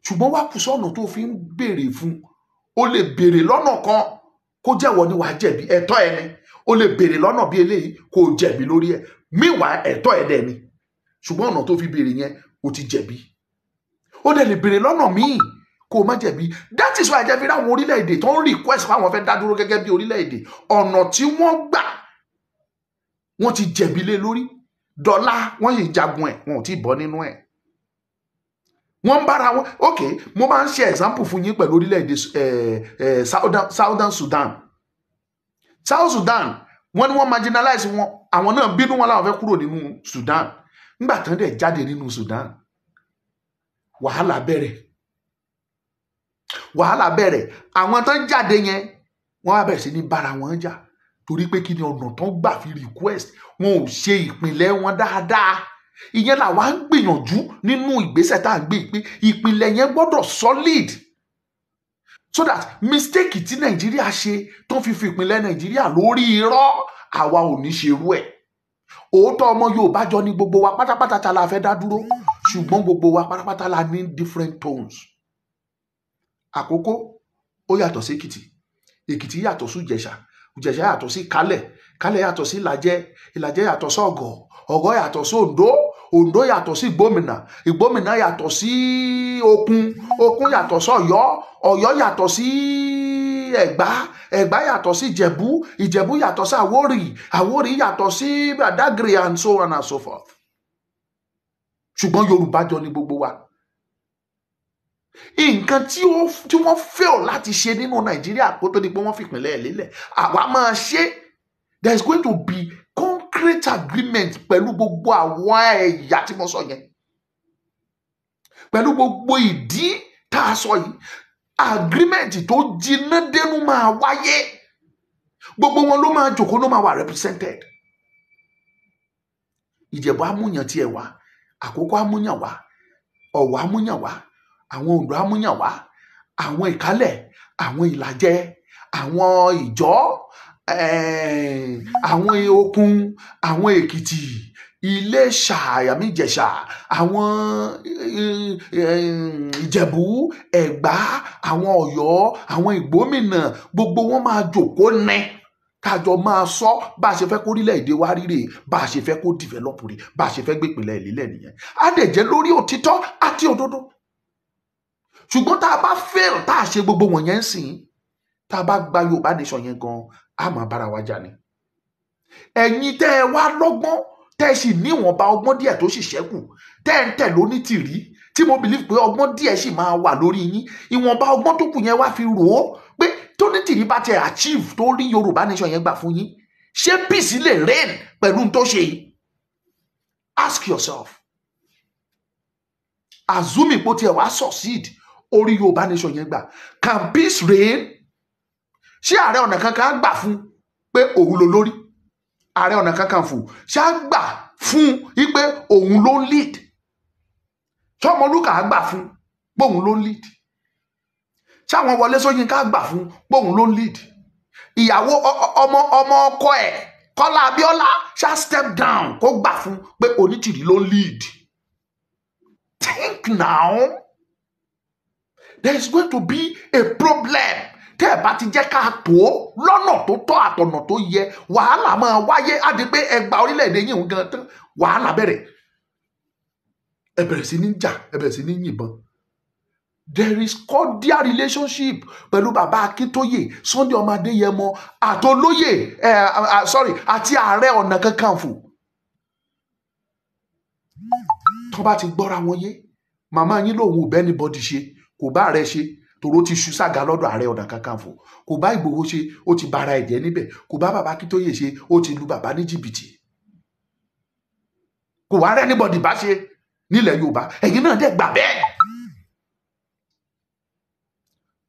Ṣùgbọ́n wá kù sọ́nà tó fi ń béèrè fún. O lè béèrè lọ́nà kan kó jẹ́wọ́ ni wàá jẹ̀bi ẹ̀tọ́ ẹni. O lè béèrè lọ́nà bí eléyìí kó jẹ̀bi lórí ẹ̀. Míwàá ẹ̀tọ́ ẹ̀ dẹ̀ ni. Ṣùgbọ́n ọ̀nà tó fi béèrè yẹn o ti jẹ̀bi. O dẹ̀ lè béèrè lọ́nà míì kó o má jẹ̀bi that is why jẹ́bi ráwọn orílẹ̀-èdè tó ń request fáwọn fẹ́ dádúró gẹ́gẹ́ bí orílẹ̀-èdè ọ̀nà tí wọ́n gbà wọ́n ti jẹ̀bi lé lórí dọ́là wọ́n yìí jagun ẹ̀ wọn ò tí ì bọ́ nínú ẹ̀ wọ́n ń bára wọn ok mo máa ń ṣe example fún yín pẹ̀lú orílẹ̀-èdè eh, eh, southern Sudan South Sudan wọ́n ní wọ́n marginalize wọn àwọn náà bínú wọn láwọn fẹ́ kúrò nínú Sudan nígbà tán dẹ̀ jáde nínú Sudan wàhálà bẹ̀rẹ̀ wàhálà bẹ̀rẹ̀ àwọn tán jáde yẹn wọ́n á bẹ̀rẹ̀ sí ní bára wọn jà torí pé kí ni ọ̀nà tán gbà fi request wọn ò ṣe ìpìlẹ̀ wọn dáadáa ìyẹn làwa ń gbìyànjú nínú ìgbésẹ̀ tá à ń gbé pé ìpìlẹ̀ yẹn gbọ́dọ̀ solid so that mistake tí nàìjíríà ṣe tó fi fi ìpìlẹ̀ nàìjíríà lórí irọ́ àwa ò ní ṣerú ẹ̀ òótọ́ ọmọ yorùbá jọ ni gbogbo wa pátápátá ta la fẹ́ dá dúró ṣùgbọ́n gbogbo wa pátápátá la ní different tones àkókó ó yàtọ̀ sí èkìtì èkìtì yàtọ̀ sí ìjẹ̀ṣà ìjẹ̀ṣà yàtọ̀ sí kálẹ̀ kálẹ̀ yàtọ̀ sí ìlàjẹ ìlàjẹ yàtọ̀ sí ọ̀gọ̀ ọ̀gọ̀ yàtọ̀ sí oǹdó oǹdó yàtọ̀ sí ìgbómìnà ìgbómìnà yàtọ̀ sí okun okun yàtọ̀ sí ọ̀yọ́ ọ̀yọ́ yàtọ̀ sí ẹ̀gbá ẹ̀gbá yàtọ̀ sí ìjẹ̀bú ìjẹ̀bú yàtọ̀ sí àwórì àwórì yàtọ̀ sí badagry and so on and so forth ṣùgbọ́n yorùbá jọ ní gbogbo wa nǹkan tí wọ́n fail láti ṣe nínú nàìjíríà kó tó di pé wọ́n fìpínlẹ̀ lélẹ̀ àwa máa ṣe there is going to be concrete agreement pẹ̀lú gbogbo àwọn ẹ̀yà tí mo sọ yẹn pẹ̀lú gbogbo ìdí tá a sọ yìí agreement tó jiná dénú máa wáyé gbogbo wọn ló máa jòkó ló máa wà represented ìjẹ̀bú amúyàn tiẹ̀ wá àkókò amúyàn wá ọ̀wọ̀ amúyàn wá àwọn òǹdó amúyànwá àwọn ìkálẹ̀ àwọn ìlàjẹ àwọn ìjọ àwọn okun àwọn èkìtì iléṣà àyàmíjẹ̀ṣà àwọn ìjẹ̀bú ẹ̀gbá àwọn ọ̀yọ́ àwọn ìgbómìnà gbogbo wọn máa jókòó ní kájọ máa sọ bá a ṣe fẹ́ kó orílẹ̀-èdè wa ríre bá a ṣe fẹ́ kó dìvẹ́lọ́pù rí bá a ṣe fẹ́ gbé ìpínlẹ̀ ìlélẹ̀ nìyẹn á dẹ̀ jẹ́ lórí òtítọ́ àti òdodo ṣùgbọ́n tá a bá fail tá a ṣe gbogbo wọ̀nyẹn sìn tá a bá gba yorùbá nation yẹn gan a máa bára wa jà ni ẹ̀yin tẹ́ ẹ wá lọ́gbọ́n tẹ́ ẹ sì níwọ̀nba ọgbọ́n díẹ̀ tó sì ṣẹ́kù tẹ́ ẹ ń tẹ̀ lóní tìrí tí mo believe pé ọgbọ́n díẹ̀ sì máa wà lórí yín ìwọ̀nba ọgbọ́n tó kù yẹn wá fi rò ó pé tóní tìrí bá tẹ achieve tó rí yorùbá nation yẹn gbà fún yín ṣé peace lè reign pẹ̀lú tó ṣe ask yourself azumi pé tiẹ̀ wá succeed orí yorùbá nation yẹn gbà can peace reign ṣé ààrẹ ọ̀nà kankan gbà fún pé òun ló lórí ààrẹ ọ̀nà kankan fò ṣá gbà fún wípé òun ló ń lead sọmọlúkà gbà fún póun ló ń lead ṣáwọn wọlé sọyìnká gbà fún póun ló ń lead ìyàwó ọmọ ọmọ ọkọ ẹ̀ kọ́lá abíọ́lá ṣá step down kó gbà fún pé onítìrí ló ń lead think now there is going to be a problem tẹ́ ẹ̀ bá ti jẹ́ ká tó lọ́nà tó tọ́ àtọ̀nà tó yẹ wàhálà máa wáyé á di pé ẹgbàá orílẹ̀-èdè yìí ń gan tán wàhálà bẹ̀rẹ̀ ẹ bẹ̀rẹ̀ sí ní jà ẹ bẹ̀rẹ̀ sí ní yìnbọn there is cordial relationship pẹ̀lú bàbá Akíntóyè Sunday ọmọ Adéyẹmọ àtolóyè ẹ sorry àti ààrẹ ọ̀nà kakanfò tó bá ti gbọ́ra wọn yé màmá yín lòun ò bẹ́ẹ̀ ní ṣe kò bá ààrẹ ṣe tòró ti ṣu sága lọ́dọ̀ ààrẹ ọ̀nà kakanfò kò bá ìgbòho ṣe ó ti bara ẹ̀jẹ̀ níbẹ̀ kò bá bàbá akíntóyè ṣe ó ti lu bàbá ní jìbìtì kò wá rẹ́ níbọ̀dì bá ṣe nílẹ̀ yorùbá ẹ̀yin náà dẹ̀ gbà bẹ́ẹ̀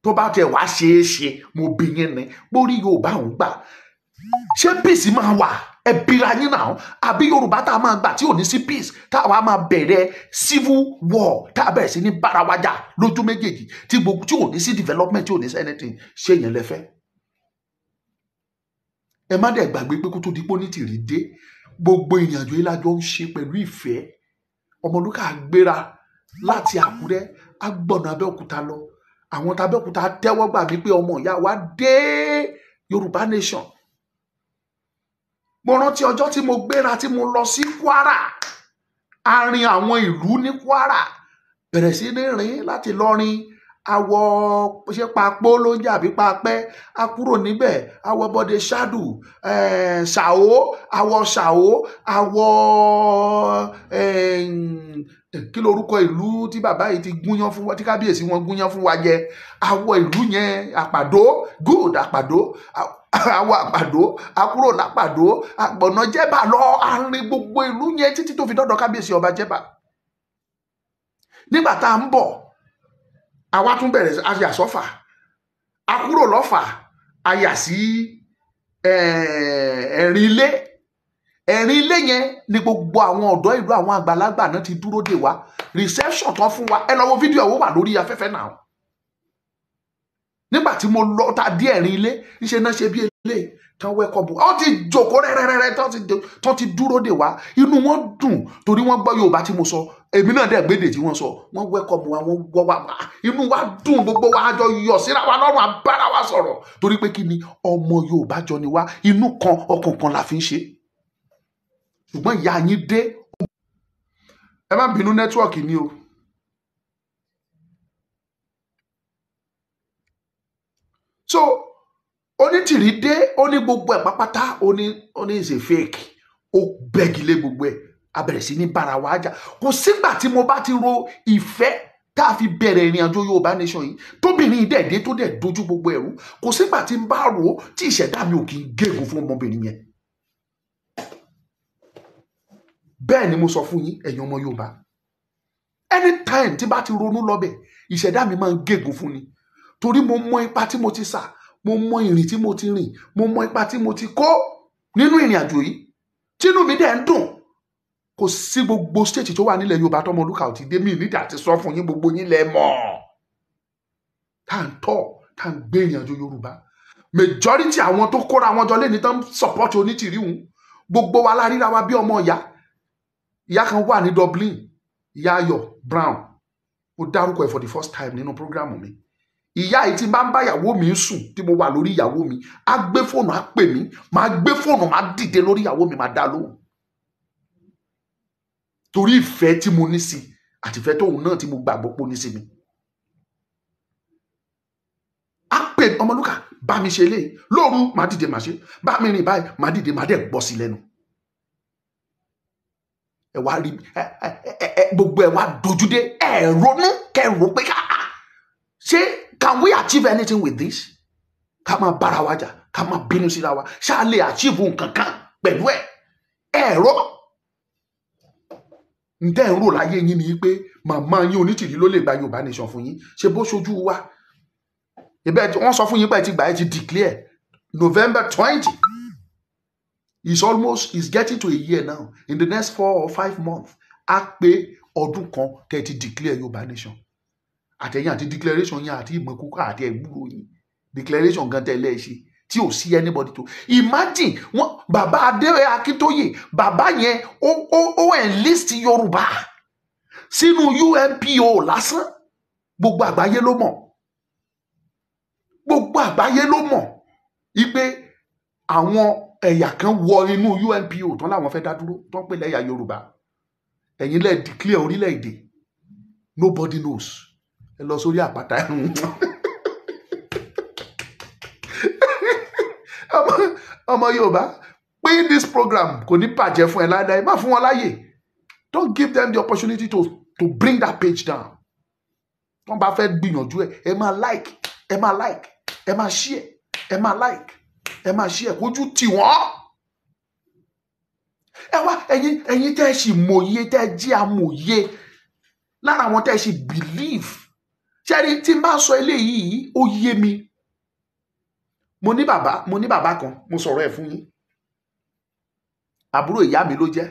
tó bá tẹ wá ṣeé ṣe mo bí yín ni pórí yorùbá òun gbà ṣé pèsè máa wà ẹ bira yín náà àbí yorùbá tá a máa gbà tí ò ní sí peace tá a wá máa bẹ̀rẹ̀ civil war tá a bẹ̀rẹ̀ sí ní bárawájà lójú méjèèjì tí gbogbo tí ò ní sí development tí ò ní sí anything ṣé yẹn lẹ́fẹ́. ẹ má dẹ̀ gbàgbé pé kó tó di pé ní tìrì dé gbogbo ìyànjú yìí lájọ ń ṣe pẹ̀lú ìfẹ́ ọmọlúkà gbéra láti àkúrẹ́ agbọ̀nà abẹ́òkúta lọ àwọn tàbẹ́òkúta tẹ́wọ́ gbà mí pé ọmọ ìyá wa dé yorùbá nation mo rántí ọjọ́ tí mo gbéra tí mo lọ sí Kwara àárín àwọn ìlú ní Kwara bẹ̀rẹ̀ sí ní rìn láti lọ́rin awọ ṣe papó ló ń jàbí papẹ́ a kúrò níbẹ̀ awọ bọ́dẹ ṣáàdù eh, ṣàwó awọ ṣàwó awọ eh, kí lorúkọ ìlú tí bàbá yìí ti gúnyán fún wa tí kábíyèsí wọn gúnyán fún wa jẹ awọ ìlú yẹn àpàdó good àpàdó àwọ àpàdó àkúrò lápàdó àgbọ̀nà jẹ́bà lọ àárín gbogbo ìlú yẹn títí tó fi dọ́dọ̀ kábíyèsí ọba jẹ́bà nígbà tá à ń bọ̀ àwa tún bẹ̀rẹ̀ àyàsọ́fà àkúrò lọ́fà àyà sí eh, ẹ̀rín ilé ẹ̀rín ilé yẹn ni gbogbo àwọn ọ̀dọ́ ìlú àwọn àgbàlagbà náà ti dúró dè wá reception tán fún wa ẹ lọ wo fídíò ó wà lórí afẹ́fẹ́ náà nígbà tí mo lọ ta díẹ̀ rin ilé níṣẹ́ náà ṣe bí eléyìí tán wẹ́kọ̀ bù ọ́ ti jòkó rẹ́rẹ́rẹ́ tán ti dúró dè wá inú wọn dùn torí wọ́n gbọ́ Yorùbá tí mo sọ èmi náà dẹ̀ gbédè tí wọ́n sọ wọ́n wẹ́kọ̀ bù wa wọ́n wọ́ wa wá inú wa dùn gbogbo wa jọ yọ̀ síra wa lọ́rùn abára wa sọ̀rọ̀ torí pé kí ni ọmọ Yorùbá jọ ni wá inú kan ọkàn kan la fi ń ṣe ṣùgbọ́n ìyá yín dé ẹ má bínú nẹ́tíwọ̀kì ni o. so onítìrí dé ó ní gbogbo ẹ̀ pápátá ó ní ó ní ìṣe fake ó bẹ́gilé gbogbo ẹ̀ a sí ní bára wa jà kò sígbà tí mo bá ti ro ìfẹ́ tá a fi bẹ̀rẹ̀ ìrìn àjò yorùbá nation yìí tóbìnrin dẹ̀dẹ̀ tó dẹ̀ dojú gbogbo ẹ̀rú kò sígbà tí n bá rò ó tí ìṣẹ̀dá mi ò kì í gégùn fún ọmọbìnrin yẹn bẹ́ẹ̀ ni mo sọ fún yín ẹ̀yin ọmọ yorùbá anytime tí bá ti ronú lọ́bẹ̀ ìṣẹ̀dá mi máa ń gégùn fún ni torí mo mọ ipa tí mo ti sà mo mọ ìrìn tí mo ti rìn mo mọ ipa tí mo ti kó nínú ìrìn àjò yìí tínú mi dẹ̀ ń dùn kò sí gbogbo stéètì tó wà nílẹ̀ yorùbá tọmọ olúkà ò ti dé mí nídìí àti sọ fún yín gbogbo yín lẹ mọ̀ tá à ń tọ̀ tá à ń gbé ìrìn àjò yorùbá majority àwọn tó kóra wọn jọ lẹ́ni tán support onítìríhun gbogbo wa láríra wa bí ọmọ ìyá ìyá kan wà ní Dublin ìyá ayọ̀ Brown ó dárúkọ ẹ̀ for the first time nínú programu mi ìyá yìí ti máa ń bá ìyàwó mi sùn tí mo wà lórí ìyàwó mi á gbé fóònù á pè mí máa gbé fóònù máa dìde lórí ìyàwó mi máa dá lóhùn torí ìfẹ́ tí mo ní sí àti ìfẹ́ tóun náà tí mo gbàgbọ́ pé ó ní sí mi á pè ọmọlúkà bá mi ṣe eléyìí lóru máa dìde máa ṣe bá mi rìn báyìí máa dìde máa dẹ̀ gbọ́ sí lẹ́nu ẹ wá rí gbogbo ẹ wá dojúdé ẹ ronú kẹ ro pé ṣé Can we achieve anything with this? Ká máa bára wa jà, ká máa bínú síra wa, ṣá lè achieve nǹkan kan pẹ̀lú ẹ̀. Ẹ̀rọ ǹdẹ́ ń rò láyé yín ni pé màmá yín onítìrí ló lè gba Yorùbá nation fún yín. Ṣé bó ṣojú wa? Ìbẹ́ wọ́n sọ fún yín pé ẹ ti gbà ẹ ti declare November twenty. It's almost it's getting to a year now. In the next four or five months, a pé ọdún kan tẹ́ ti declare Yorùbá nation àtẹ̀yìn àti declaration yẹn àti ìmọ̀ kúkú àti ẹ̀gbúrò yẹn declaration gan tẹ̀lé ẹ̀ ṣe tí ò sí anybody to imagine wọn bàbá adéwé akíntóyè bàbá yẹn ó ó ó enlist yorùbá sínú UNPO lásán gbogbo àgbáyé ló mọ̀ gbogbo àgbáyé ló mọ̀ ipe àwọn ẹ̀yà kan wọ inú UNPO tán làwọn fẹ́ dá dúró tán pè lẹ́yà yorùbá ẹ̀yin lẹ́ẹ̀ declare orílẹ̀-èdè nobody knows ẹ lọ sórí àpáta ẹ̀hún ọmọ yorùbá pay this program kò ní bàjẹ́ fún ẹ láéláé má fún wọn láàyè don't give them the opportunity to to bring that page down wọ́n bá fẹ́ gbìyànjú ẹ ẹ máa like ẹ máa like ẹ máa share ẹ máa like ẹ máa share kójú tì wọ́n ẹ wá ẹ̀yin ẹ̀yin tẹ́ ẹ sì mòye tẹ́ ẹ jí amòye lára àwọn tẹ́ ẹ sì believe ṣẹ́rí tí n bá sọ eléyìí ó yé mi mo ní bàbá mo ní bàbá kan mo sọ̀rọ̀ ẹ̀ fún yín àbúrò ìyá mi ló jẹ́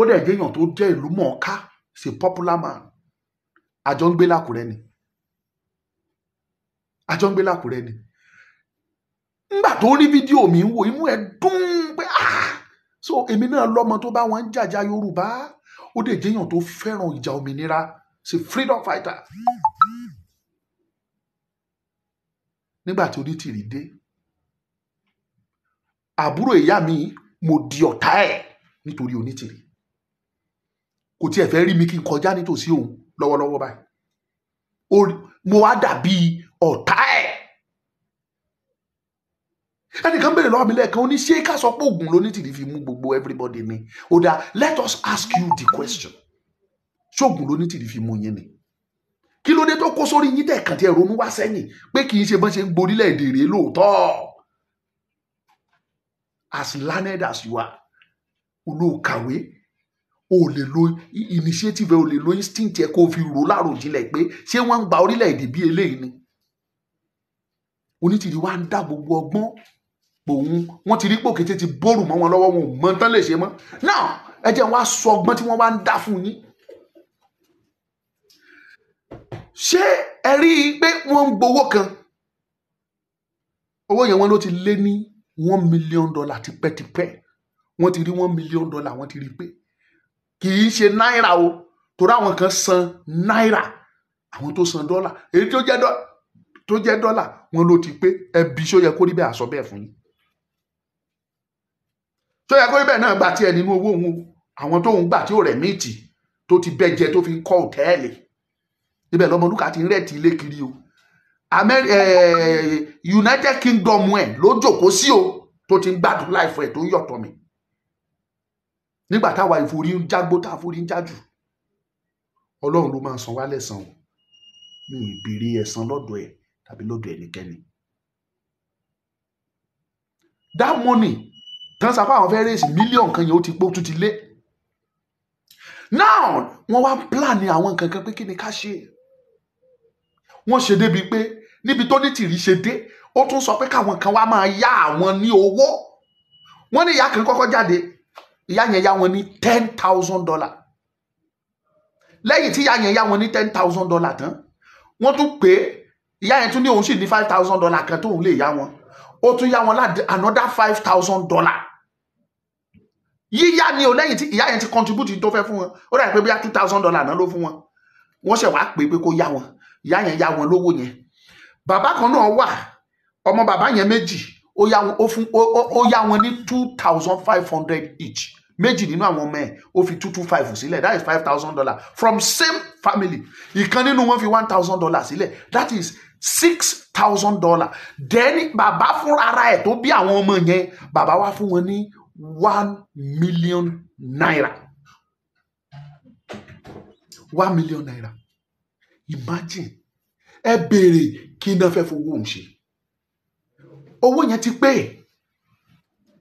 ó dẹ̀ jẹ́ tó jẹ́ ìlú mọ̀ọ́ká ṣe popular man àjọ ń gbé lákùrẹ́ ni àjọ ń gbé lákùrẹ́ ni ngbà tó rí fídíò mi ń wò inú ẹ̀ dùn pé ah so èmi náà lọ́mọ tó bá wọn ń jàjà Yorùbá ó dẹ̀ jẹ́ tó fẹ́ràn ìjà òmìnira ṣe freedom fighter nígbà tí onítìrì dé àbúrò ìyá mi mo di ọ̀tá ẹ̀ nítorí onítìrì kò tiẹ̀ fẹ́ rí mi kí n kọjá nítòsí òun lọ́wọ́lọ́wọ́ báyìí mo wá dàbí ọ̀tá ẹ̀ ẹnìkan béèrè lọ́wọ́ mi lẹ́ẹ̀kan ó ní ṣé ká sọ pé oògùn lónítìrì fi mú gbogbo everybody ni ó dá let us ask you the question ṣoògùn ló ní tìrì fi mú yín ni kí ló dé tó kó sórí yín tẹ̀kàn tí ẹ ronú wá sẹ́yìn pé kì í ṣe bọ́n ṣe ń gborílẹ̀ èdè rèé lóòótọ́ as learned as you are olóòkàwé o lè lo initiative ẹ o lè lo instinct ẹ kó o fi rò láròjinlẹ̀ pé ṣé wọ́n ń gba orílẹ̀ èdè bí eléyìí ni onítìrí wa ń dá gbogbo ọgbọ́n òun wọ́n ti rí pò kété ti bóòrù mọ́ wọn lọ́wọ́ wọn ò mọ tán lè ṣe mọ́ náà ẹ jẹ́ wọn á sọ ọgbọ́n tí wọ́n wá ń dá fún yín ṣé ẹ rí i pé wọ́n ń gbowó kan owó yẹn wọ́n ló ti lé ní one million dollar tipẹ́tipẹ́ wọ́n ti rí one million dollar wọ́n ti rí i pé kì í ṣe náírà o torí àwọn kan san náírà àwọn tó san dọ́là èyí tó jẹ́ dọ́là tó jẹ́ dọ́là wọn ló ti pé ẹbí ṣó yẹ kó rí bẹ́ẹ̀ àsọ bẹ́ẹ̀ fún yín ṣó yẹ kó rí bẹ́ẹ̀ náà gba tiẹ̀ nínú owó òun àwọn tóun gbà tí ò rẹ̀ míìtì tó ti bẹ́ẹ̀ jẹ tó fi kọ́ òtẹ́ẹ̀lì ibẹ̀ lọ́mọ lúkà ti rẹ̀ ti ilé kiri o eh, United Kingdom ẹ̀ ló jòkó sí o tó ti ń gbádùn láìfọ ẹ̀ tó ń yọ̀tọ̀ mi nígbà táwa ìforí ń jágbó tá a forí ń jájù ọlọ́run ló máa san wá lẹ́san o mi ì béèrè ẹ̀san lọ́dọ̀ ẹ̀ tàbí lọ́dọ̀ ẹnikẹ́ni that money tán sapá àwọn fẹ́ rèsì mílíọ̀nù kan yẹn ó ti pọ̀ tún ti lé now wọ́n wá plan àwọn nǹkan kan pé kí ni ká ṣe wọ́n ṣe débi pé níbi tó ní tìrí ṣe dé ó tún sọ pé káwọn kan wá máa yá àwọn ní owó wọ́n ní ìyá kan kọ́kọ́ jáde ìyá yẹn yá wọn ní ten thousand dollar lẹ́yìn tí ìyá yẹn yá wọn ní ten thousand dollar tán wọ́n tún pé ìyá yẹn tún ní òun sì ní five thousand dollar kan tóun lè yá wọn ó tún yá wọn láti another five thousand dollar yíyá ni o lẹ́yìn tí ìyá yẹn ti contribute tó fẹ́ fún wọn ó dàbí pé bí two thousand dollar náà ló fún wọn wọ́n ṣẹ̀ wá pé pé kó yá wọn ìyá yẹn yá wọn lówó yẹn bàbá kan náà wà ọmọ bàbá yẹn méjì ó yá wọn ó fún ó yá wọn ní two thousand five hundred each méjì nínú àwọn ọmọ ẹ̀ ó fi two two five sílẹ̀ that is five thousand dollars from same family ìkan nínú wọn fi one thousand dollars sílẹ̀ that is six thousand dollars then bàbá fún ara ẹ̀ tó bí àwọn ọmọ yẹn bàbá wá fún wọn ní one million naira one million naira imagine ẹ béèrè kí iná fẹ́ fowó òun ṣe owó yẹn ti pé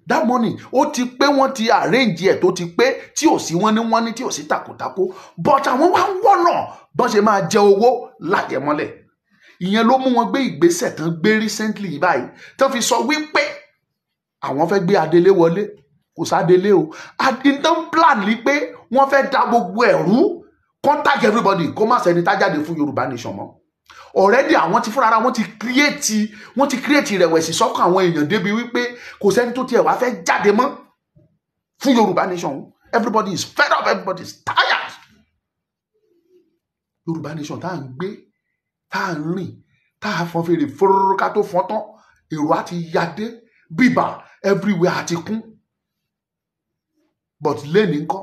that money ó ti pé wọ́n ti arrange ẹ̀ tó ti pé tí ò sí wọ́n ní wọ́n ní tí ò sí takotako but àwọn wá ń wọ̀nà bọ́n ṣe máa jẹ owó lájẹmọ́lẹ̀ ìyẹn ló mú wọn gbé ìgbésẹ̀ tán gbé recently báyìí tán fi sọ wípé àwọn fẹ́ gbé adelé wọlé kò sádelé o adintan plan ni pé wọ́n fẹ́ da gbogbo ẹ̀rú contact everybody kó má sẹ́ni tá jáde fún Yorùbá nation mọ́ already àwọn ti fúnra ara wọn ti create wọn ti create ìrẹ̀wẹ̀sì sọ́kàn àwọn èèyàn débi wípé kò sẹ́ni tó tiẹ̀ wá fẹ́ jáde mọ́ fún Yorùbá nation everybody is fed up everybody is tired Yorùbá nation tá à ń gbé tá à ń rìn tá à fọn fèrè fúrúrú ká tó fọn tán èrò á ti yadé bíbà everywhere àti kún but lẹ́ni ńkọ́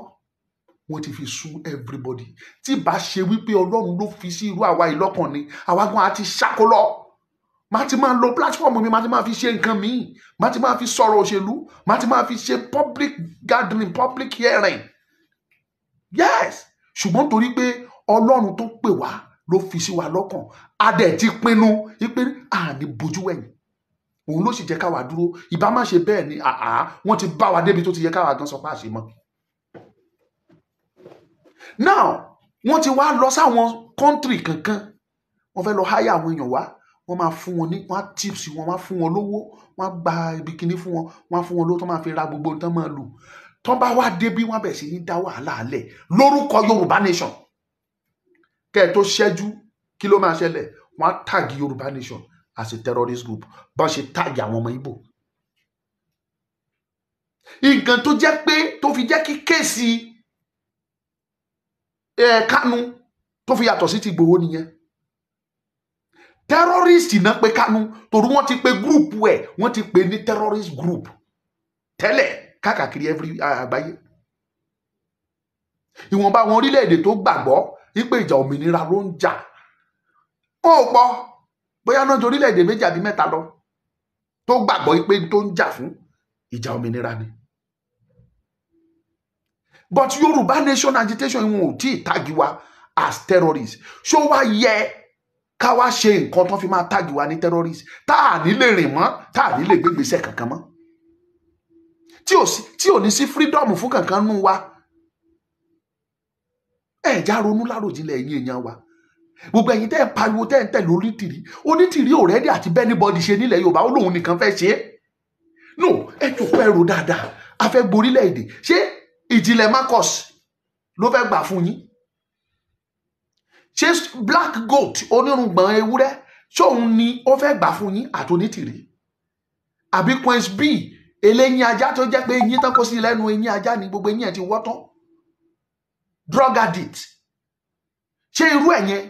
wọ́n ti fi sún everybody tí bá ṣe wípé ọlọ́run ló fi sí irú àwa ìlọ́kàn ni àwa gan àti ṣàkólọ́ màá ti máa lo platform mi màá ti máa fi ṣe nǹkan míì màá ti máa fi sọ̀rọ̀ òṣèlú màá ti máa fi ṣe public gathering public hearing yes ṣùgbọ́n torí pé ọlọ́run tó pè wá ló fi sí wa lọ́kàn a dẹ̀ ti pinnu wípé àní bojú ẹ̀yìn òun ló sì jẹ́ káwa dúró ìbá má ṣe bẹ́ẹ̀ ni àá wọ́n ti bá wa débi tó ti yẹ káwa gan sọ pé àṣemọ́ now wọ́n ti wá lọ sáwọn kọ́ńtìrì kankan wọ́n fẹ́ lọ háyà àwọn èèyàn wá wọ́n máa fún wọn ní wọ́n á tips wọn wọ́n á fún wọn lówó wọ́n á gba ibi kíní fún wọn wọ́n á fún wọn lówó tó máa fi ra gbogbo tán máa lò tán bá wá dé bí wọ́n bẹ̀ sí ní dá wàhálà alẹ̀ lórúkọ Yorùbá nation kẹ́ ẹ̀ tó ṣẹ́jú kí ló máa ṣẹlẹ̀ wọ́n á tag Yorùbá nation as a terrorist group bọ́n ṣe tag àwọn ọmọ Ìgbò nǹkan tó jẹ́ pé tó fi jẹ́ kí kéèsì Kánú tó fi yàtọ̀ sí ti Ìgbòho nìyẹn tẹ́rọ́rìstì náà pè Kánú torí wọ́n ti pè gúrùpù ẹ̀ wọ́n ti pè ní terrorist group tẹ́lẹ̀ káàkiri every àgbáyé ìwọ̀nba àwọn orílẹ̀-èdè tó gbàgbọ́ wípé ìjà òmìnira ló ń jà wọn ò pọ̀ bóyá náà ju orílẹ̀-èdè méjì àbí mẹ́ta lọ tó gbàgbọ́ wípé tó ń jà fún ìjà òmìnira ni but yorùbá nation agitation wọn ò tí ì tági wa as terrorists ṣó wá yẹ ká wá ṣe nǹkan tó fi máa tági wa ní terrorists tá à ní lè rìn mọ́ tá à ní lè gbégbèsè kankan mọ́ tí ò tí ò ní sí freedom fún kankan nù wa ẹ já ronú láròjinlẹ̀ ẹ̀yin èèyàn wa gbogbo ẹ̀yin tẹ́ ẹ pariwo tẹ́ ẹ tẹ̀lé onítìrí onítìrí ọ̀rẹ́dì àti bẹ́nibọ́dì ṣe nílẹ̀ yorùbá ó lóun nìkan fẹ́ ṣe é no ẹ jòkó ẹ rò dáadáa a fẹ́ gborílẹ̀ èdè ṣé ìjìnlẹ̀ Marcus ló fẹ́ gbà fún yín ṣé black goat onírùngbọ̀n ewúrẹ́ ṣóun ni ó fẹ́ gbà fún yín àtònítìrí àbí coins b eléyín ajá tó jẹ́ pé eyín tán kó sí lẹ́nu eyín ajá ni gbogbo eyín ẹ̀ ti wọ́ drug addict ṣé irú ẹ̀ yẹn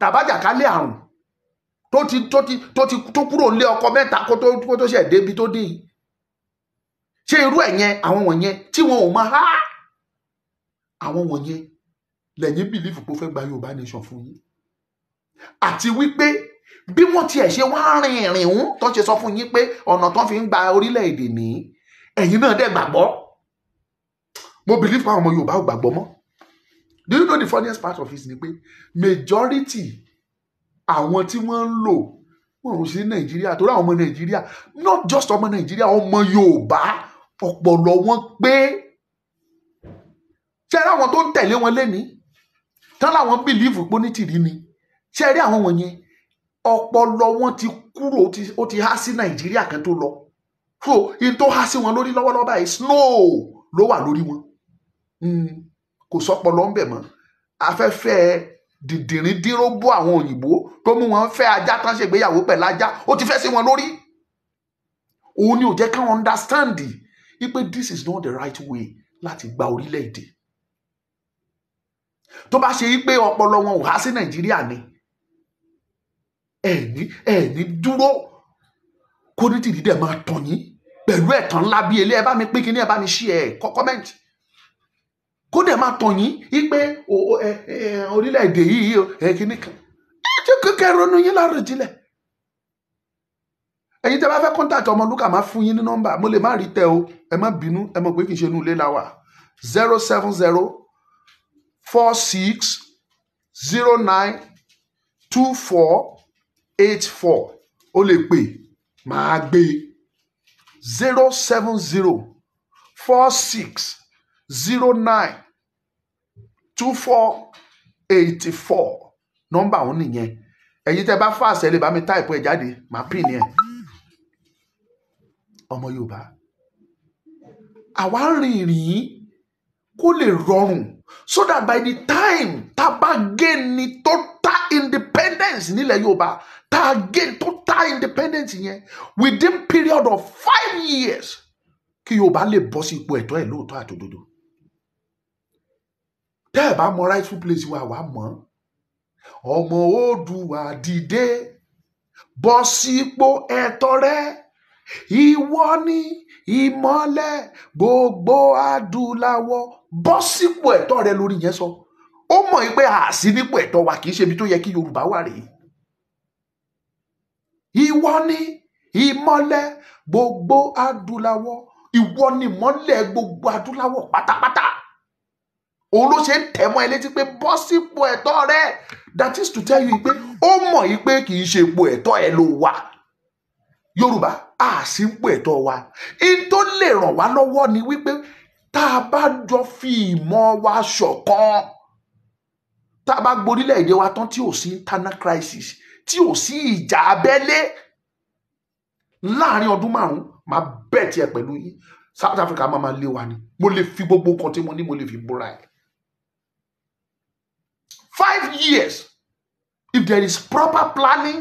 tàbájàkálẹ̀ àrùn tó ti tó ti tó ti tó kúrò nílé ọkọ mẹ́ta kó tó kó tó ṣẹ̀ débi tó dín in ṣé irú ẹ̀ yẹn àwọn wọ̀nyẹn tí wọn ò máa há àwọn wọ̀nyẹn lẹ́yìn bìlífù pé ó fẹ́ gba Yorùbá nation fún yín àti wípé bí wọ́n tiẹ̀ ṣe wá rin ìrìn òun tó ṣe sọ fún yín pé ọ̀nà tó fi ń gba orílẹ̀-èdè ní ẹ̀yin náà dẹ̀ gbàgbọ́ mo believe pa ọmọ Yorùbá ò gbàgbọ́ mọ́ do you know the funniest part of this? ni pé majority àwọn tí wọ́n ń lò wọ́n ò sí Nàìjíríà torí àwọn ọmọ Nàìjíríà not just ọmọ Nàìjíríà ọmọ Yorùbá ọpọlọ wọn pé ṣe rí àwọn tó ń tẹ̀lé wọn lénìí tán láwọn bìlíìfù pé ní tìrí ni ṣe rí àwọn wọ̀nyẹn ọpọlọ wọn ti kúrò ó ti há sí nàìjíríà kan tó lọ so in tó há sí wọn lórí lọ́wọ́lọ́wọ́ báyìí snow ló wà lórí wọn hmm, kò sọpọlọ ń bẹ̀ mọ́ afẹ́fẹ́ dìndìnrín dínrógbó àwọn òyìnbó tó mú wọn fẹ́ ajá tán ṣègbéyàwó pẹ̀lú ajá ó ti fẹ́ sí wọn lórí òun ni ò jẹ́ káwọn understand wípé this is not the right way láti gba orílẹ̀-èdè tó bá ṣe wípé ọpọlọ wọn ò há sí nàìjíríà ni ẹ̀ẹ́ni ẹ̀ẹ́ni dúró kódìtì dídẹ̀ máa tàn yín pẹ̀lú ẹ̀tàn ńlá bíi ilé ẹ bá mi pín kínní ẹ bá mi ṣí ẹ kọ kọ́mẹ́ǹtì kódẹ̀ máa tàn yín wípé orílẹ̀-èdè yìí kínní kan ẹ jẹ́ ronú yín láàrọ̀ ẹ̀yin tẹ́ bá fẹ́ contact Ọmọlúkà máa fún yín ní nọ́mbà mo lè má rí tẹ o ẹ má bínú ẹ mọ̀ pé kì í ṣe inú ilé la wà zero seven zero four six zero nine two four eight four o lè pè máa gbé zero seven zero four six zero nine two four eight four nọ́mbà òun nìyẹn ẹ̀yin tẹ́ bá fà sẹ́lẹ̀ bá mi táìpù ẹ̀ jáde màá pín ní ẹ̀ ọmọ yorùbá àwa ń rìn ìrìn kó lè rọrùn so that by the time tá a bá gain ní total independence nílẹ̀ yorùbá tá a gain total independence yẹn within period of five years kí yorùbá lè bọ́ sí ipò ẹ̀tọ́ ẹ̀ lóòótọ́ àtòdodo tẹ́ ẹ̀ bá mọ rightful place wa wàá mọ̀ ọmọ oòdùà dìde bọ́ sípò ẹ̀tọ́ rẹ̀ ìwọ ni ìmọ́lẹ̀ gbogbo adúláwọ̀ bọ́ sípò ẹ̀tọ́ rẹ lórí yẹn sọ ó mọ̀ pé àsí nípò ẹ̀tọ́ wa kì í ṣe ibi tó yẹ kí Yorùbá wà rèé ìwọ ni ìmọ́lẹ̀ gbogbo adúláwọ̀ ìwọ ni ìmọ́lẹ̀ gbogbo adúláwọ̀ pátápátá òun ló ṣe ń tẹ̀mọ́ ẹ létí pé bọ́ sípò ẹ̀tọ́ rẹ that is to tell you pé ó mọ̀ pé kì í ṣe ipò ẹ̀tọ́ ẹ ló wà Yorùbá a sì ń pò ẹ̀tọ́ wa in tó lè ràn wá lọ́wọ́ ni wípé tá a bá jọ fi ìmọ̀ wa ṣọ̀kan tá a bá gborílẹ̀ èdè wa tán tí ò sí internal crisis tí ò sí ìjà abẹ́lé láàrin ọdún márùn-ún bẹ́ẹ̀ tiẹ̀ pẹ̀lú yín South Africa máa máa lé wa ni mo lè fi gbogbo nǹkan tí mo ní mo lè fi búra ẹ̀. five years if there is proper planning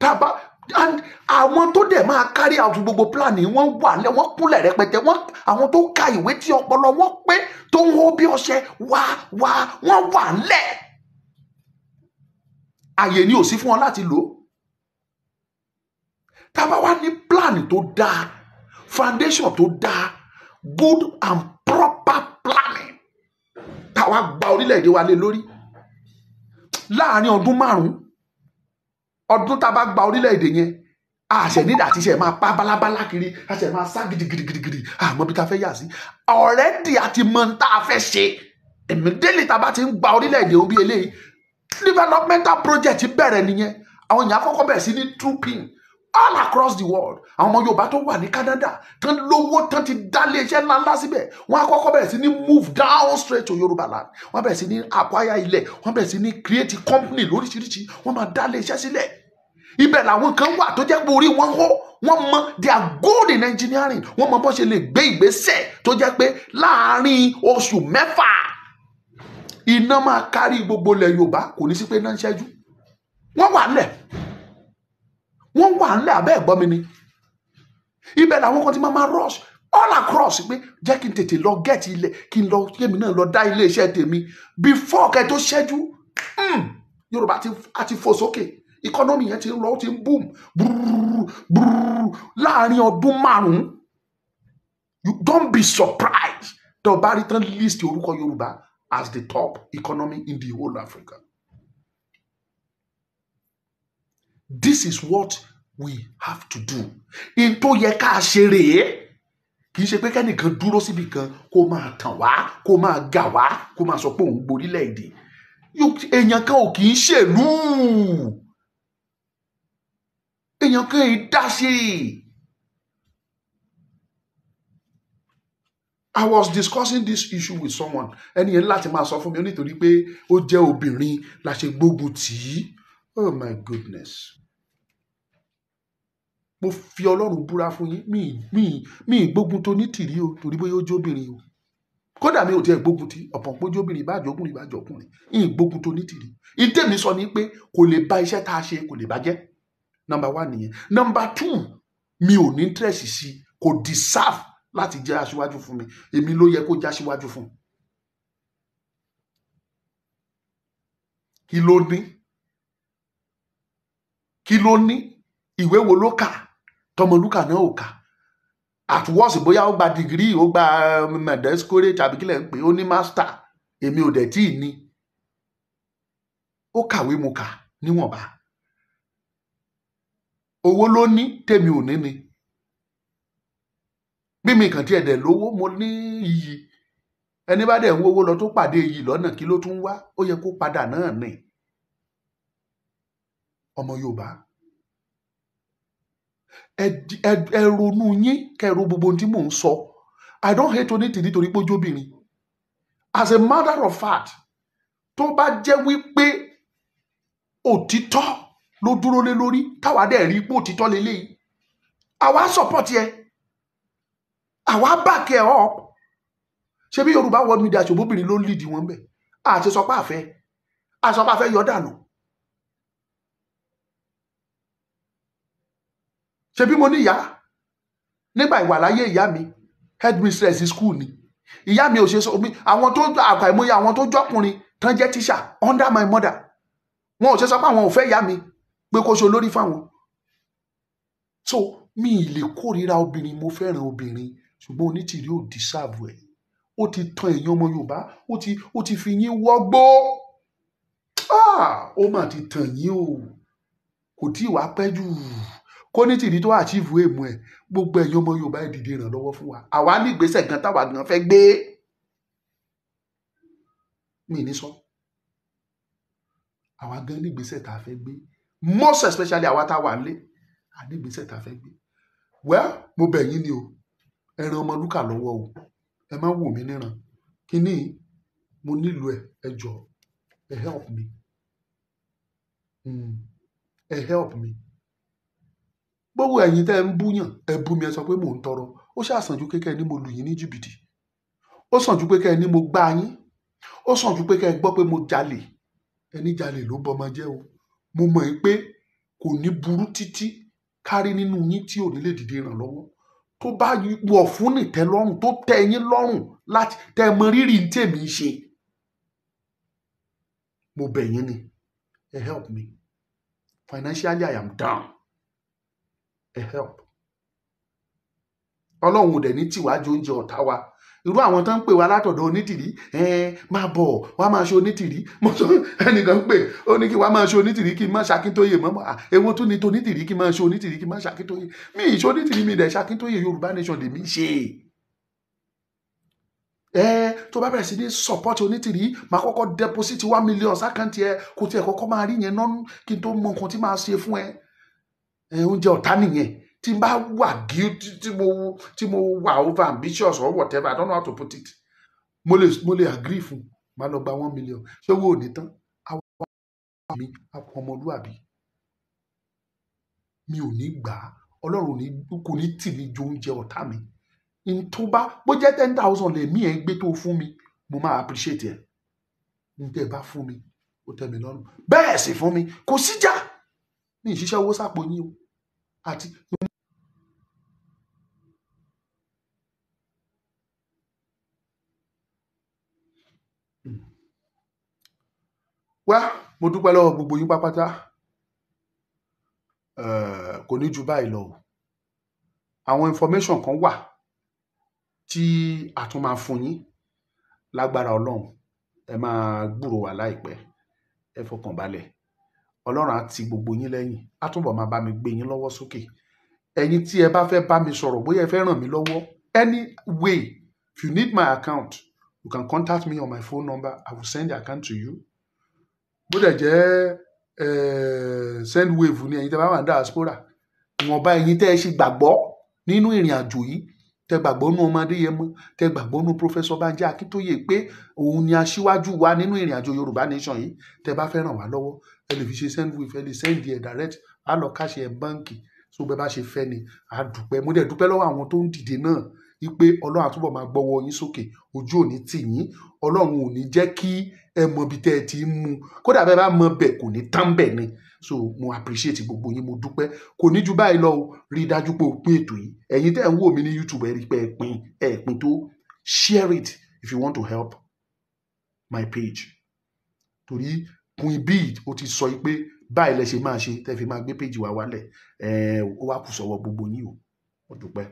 tá a bá and àwọn tó dẹ̀ máa carry out gbogbo plan wọ́n wà lẹ́ wọ́n kúnlẹ̀ rẹpẹtẹ wọ́n àwọn tó ka ìwé tí ọpọlọ wọn pé tó ń hó bí ọṣẹ wá wá wọ́n wà lẹ̀ àyè ni ò sí fún wọn láti lò ó tá a bá wá ní plan tó dáa foundation tó dáa good and proper planning táwa gba orílẹ̀-èdè wa lé lórí láàárín ọdún márùn-ún ọdún tá a bá gba orílẹ̀-èdè yẹn àṣẹ nídà àti ṣe máa pa bálábálá kiri àṣẹ máa sá gidigidigidi àmọ́ bí ta fẹ́ yà sí ọ̀rẹ́dì àti mọ tá a fẹ́ ṣe immediately tá a bá ti ń gba orílẹ̀-èdè orí eléyìí developmental project bẹ̀rẹ̀ nìyẹn àwọn èèyàn àkọ́kọ́ bẹ̀rẹ̀ sí ní trooping all across the world àwọn ọmọ yorùbá tó wà ní canada tán lówó tán ti dá iléeṣẹ́ ńláńlá síbẹ̀ wọ́n á kọ́kọ́ bẹ̀rẹ̀ sí ní move down straight to yorùbá land wọ́n bẹ̀rẹ̀ sí ní acquire ilẹ̀ wọ́n bẹ̀rẹ̀ sí ní create company lóríṣiríṣi wọ́n máa dá iléeṣẹ́ sílẹ̀ ibẹ̀ làwọn kan wà tó jẹ́ pé orí wọn hó wọ́n mọ they are good in engineering wọ́n mọ bó ṣe lè gbé ìgbésẹ̀ tó jẹ́ pé láàárín oṣù mẹ́fà iná máa kárí gbogbo ilẹ̀ yorùbá kò ní sí pé iná ń ṣẹ́jú wọ́n wà nílẹ̀ wọ́n wà ńlẹ̀ abẹ́ ẹ̀gbọ́n mi ni ibẹ̀ làwọn kan ti máa máa rush all across pé jẹ́ kí n tètè lọ get ilẹ̀ kí n lọ kémi náà lọ dá ilé iṣẹ́ tèmi before kẹ́ tó ṣẹ́jú hmm. Yorùbá àti fò sókè economy yẹn ti ń lọ ó ti ń boom brrrr láàrin ọdún márùn-ún you don't be surprised tó o bá rí tán list orúkọ Yorùbá as the top economy in the whole Africa. this is what we have to do in tó yẹ ká ṣe rèé kì í ṣe pé kẹ́nìkan dúró síbi kan kó máa tàn wá kó máa gà wá kó máa sọ pé òun gborílẹ̀-èdè èèyàn kan ò kì í ṣèlú èèyàn kan ì dá sí i. I was discussing this issue with someone ẹni yẹn láti máa sọ fún mi nítorí pé ó jẹ́ obìnrin la ṣe gbógun tì í oh my goodness mo fi ọlọ́run búra fún yín mi mi mi gbógun tó ní tìrí o torí bóyá ó jóbìnrin o kódà mi ò tiẹ̀ gbógun ti ọ̀pọ̀ pé jóbìnrin ìbá àjọkùnrin ìbá àjọkùnrin ìyìn gbógun tó ní tìrí ìtẹ̀mí sọ ni pé kò lè ba iṣẹ́ tá a ṣe kò lè bàjẹ́ nọmba wá nìyẹn nọmba tù mi ò ní interest sí kò deserve láti jẹ́ aṣíwájú fún mi èmi ló yẹ kó jẹ́ aṣíwájú fún kí ló ní kí ló ní ìwé wo ló kà tọmọlúkà náà ò kà at worst bóyá ó gba dìgírì ó gba mẹdẹsikórè um, tàbí kílẹ̀ ń pè ó ní mástà èmi ò dẹ̀ tí ì ní ó kàwé mo kà níwọ̀nba owó ló ní tèmi ò ní ni bí mi kàn tiẹ̀ dẹ̀ lówó mo ní iyì ẹni bá dẹ̀ ń wówó lọ tó pàdé iyì lọ́nà kí ló tún wá ó yẹ kó padà náà nìyí ọmọ yorùbá ẹ ronú yín kẹrù gbogbo ohun tí mò ń sọ i don't hate anything nítorí pé ojóbìnrin as a matter of fact tó bá jẹ́ wípé òtítọ́ ló dúró lé lórí táwa dẹ̀ rí pé òtítọ́ lélẹ́yìí àwa support yẹ àwa back ẹ up ṣé bí yorùbá world media ṣòbóbìnrin ló ń lead wọn bẹ́ẹ̀ àti sọpá àfẹ́ àti sọpá àfẹ́ yọ̀ọ́ dànù ṣebí mo ní ìyá nígbà ìwà láyé ìyá mi headmistress school ni ìyá mi ò ṣe sọ mi àwọn tó àkàìmọye àwọn tó jọkùnrin tán jẹ́ tíṣà under my mother wọn ò ṣe sọ pé àwọn ò fẹ́ ìyá mi pé kó ṣe lórí fáwọn so mi ì lè kórìíra obìnrin mo fẹ́ràn obìnrin ṣùgbọ́n onítìrí ò dísàbù ẹ̀ ó ti tan èèyàn ọmọ yorùbá ó ti ó ti fi yín wọgbó ah! ó mà ti tàn yín o kò tí ì wá pẹ́ jù kó ní tìrí tó àchíìfù èèmù ẹ̀ gbogbo ẹ̀yin ọmọ Yorùbá ẹ̀ dìde ìrànlọ́wọ́ fún wa àwa ní ìgbésẹ̀ gan táwa gan fẹ́ gbé mi ní sọ àwa gan ní ìgbésẹ̀ tá a fẹ́ gbé most especially àwa tá a wà nílé a ní ìgbésẹ̀ tá a fẹ́ gbé well mo bẹ̀ yín ni o ẹ ran Ọmọlúkà lọ́wọ́ o ẹ má wò mí níran kíní mo nílò ẹ ẹ jọ ẹ help me hmm. ẹ help me gbogbo ẹ̀yin tẹ́ ń búyàn ẹ bú mi ẹ sọ pé mò ń tọrọ ó ṣàṣàn ju kékeré mo lù yín ní jìbìtì ó sàn pé kẹ́ mo gbá yín ó sàn pé kẹ́ ẹ pé mo jalè ẹni jalè ló bọmọ jẹ́ o mo mọ̀ ẹ́ pé kò ní burú títí kárí nínú yín tí ò ní lè dìde ìrànlọ́wọ́ tó bá wọ̀ fún nìtẹ́ lọ́rùn tó tẹ́ yín lọ́rùn láti tẹ́ mọ rírì tèmi ṣe mo bẹ̀ yín ni ẹ help me financially I am down ẹ help ọlọ́run ò dẹ̀ ní tìwájú oúnjẹ ọ̀tá wa irú àwọn tó ń pè wá látọ̀dọ̀ onítìrí ẹ̀ẹ́n máa bọ̀ wá máa ṣe onítìrí mo sọ ẹnìkan pé ó ní kí wá máa ṣe onítìrí kí n má ṣakíntóyè mọ́ ewo tún ni tonítìrí kí n máa ṣe onítìrí kí n má ṣakíntóyè mi ì ṣe onítìrí mi dẹ̀ ṣakíntóyè yorùbá nation lèmi ṣe ẹ tó bá bẹ̀rẹ̀ sí ní support onítìrí máa kọ́kọ́ deposit one million sákàntì ẹ kò tiẹ̀ kọ́kọ́ máa rí yẹn náà kí n tó mọ nǹkan tí máa ṣe fún ẹ oúnjẹ ọ̀tá nìyẹn tí n bá wà guilty tí mo tí mo wà over ambitious or whatever i don't know how to put it mo lè mo lè agree fún máa lọ gba one million ṣé owó ò ní tán àwọn mi àpò ọmọlúwàbí mi ò ní gbà á ọlọ́run kò ní tì mí ju oúnjẹ ọ̀tá mi ntúbá bó jẹ́ ten thousand lè mí ẹ̀ gbé tó fún mi mo máa appreciate ẹ̀ ntẹ̀ bá fún mi ó tẹ́ mi lọ́rùn bẹ́ẹ̀ sì fún mi kò síjà. Si ní ìṣiṣẹ́ owó sàpò yín o àti wá mo dúpẹ́ lọ́wọ́ gbogbo yín pápátá kò ní ju báyìí lọ àwọn information kan wà tí a tún máa fún yín lágbára ọlọ́run ẹ máa gbúrò wà láìpẹ́ ẹ fọkàn balẹ̀ ọlọ́run á ti gbogbo yín lẹ́yìn á túbọ̀ máa bá mi gbé yín lọ́wọ́ sókè ẹ̀yin tí ẹ bá fẹ́ bá mi sọ̀rọ̀ bóyá ẹ fẹ́ ràn mí lọ́wọ́ any way if you need my account you can contact me on my phone number i will send the account to you bó dẹ̀ jẹ́ send wave ni ẹ̀yin tẹ́ bá wà ní diaspora ìwọ̀nba ẹ̀yin tẹ́ ẹ ṣe gbàgbọ́ nínú ìrìn àjò yìí tẹ gbàgbọ́ nú ọmọ Adéyẹmọ tẹ gbàgbọ́ nú pọfẹsọ Bánjí Akíntóyè pé òun ni aṣíwájú wa nínú ìrìn àjò Yorùbá nation yìí tẹ bá fẹ́ ràn wá lọ́wọ́ ẹ lè fi ṣe send with ẹ lè send ẹ direct á lọ káṣẹ ẹ báǹkì tó bẹ bá ṣe fẹ́ ni á dúpẹ́ mo dẹ̀ dúpẹ́ lọ́wọ́ àwọn tó ń dìde náà wípé Ọlọ́run àtúbọ̀ máa gbọ́wọ́ yín sókè ojú òní tì yín ọlọ́run ò ní jẹ́ kí ẹ mọ ibi tẹ́ ẹ ti ń mu kódà bẹ́ẹ̀ bá mọ bẹ̀ kò ní tán bẹ̀ ni so mo appreciate gbogbo yín mo dúpẹ́ kò ní ju báyìí lọ o rí i dájú pé o pín ètò yìí ẹ̀yin tẹ́ ẹ̀ ń wò mí ní YouTube ẹ̀ rí pé ẹ pín ẹ pín tó share it if you want to help my page torí Queen B ó ti sọ pé báyìí lẹ ṣe máa ṣe tẹ́ fi máa gbé péjì wa wálẹ̀ ẹ̀ ó wá kù sọ̀wọ́ gbogbo yín o mo dúpẹ́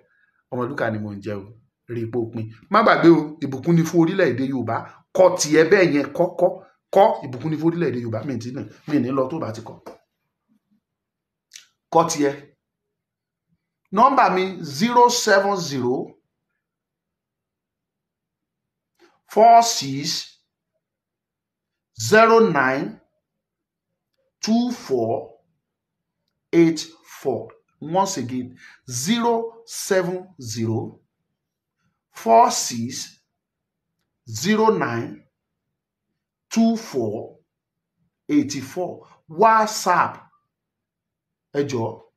Ọmọlúkà ni mo ń jẹ́ o rèpo òpin má gbàgbé o ìbùkún ni fún orílẹ̀-èdè yorùbá kọ́ tiẹ̀ bẹ́ẹ̀ yẹn kọ́kọ́ kọ́ ìbùkún ni fún orílẹ̀-èdè yorùbá mi ti nà mí ní lọ tó bá ti kọ́ kọ́ tiẹ̀ nọ́mbà mi zero seven zero four six zero nine two four eight four once again zero seven zero four six zero nine two four eighty four whatsapp ẹ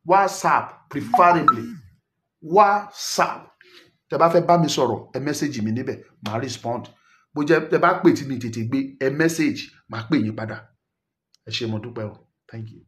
whatsapp preferably whatsapp tẹ bá fẹ́ bá mi sọ̀rọ̀ ẹ mẹsàgì mi níbẹ̀ màá respond bó jẹ́ tẹ bá pè tí mi tètè gbé ẹ mẹsàgì màá pè yín padà ẹ ṣé mo dúpẹ́ o thank you.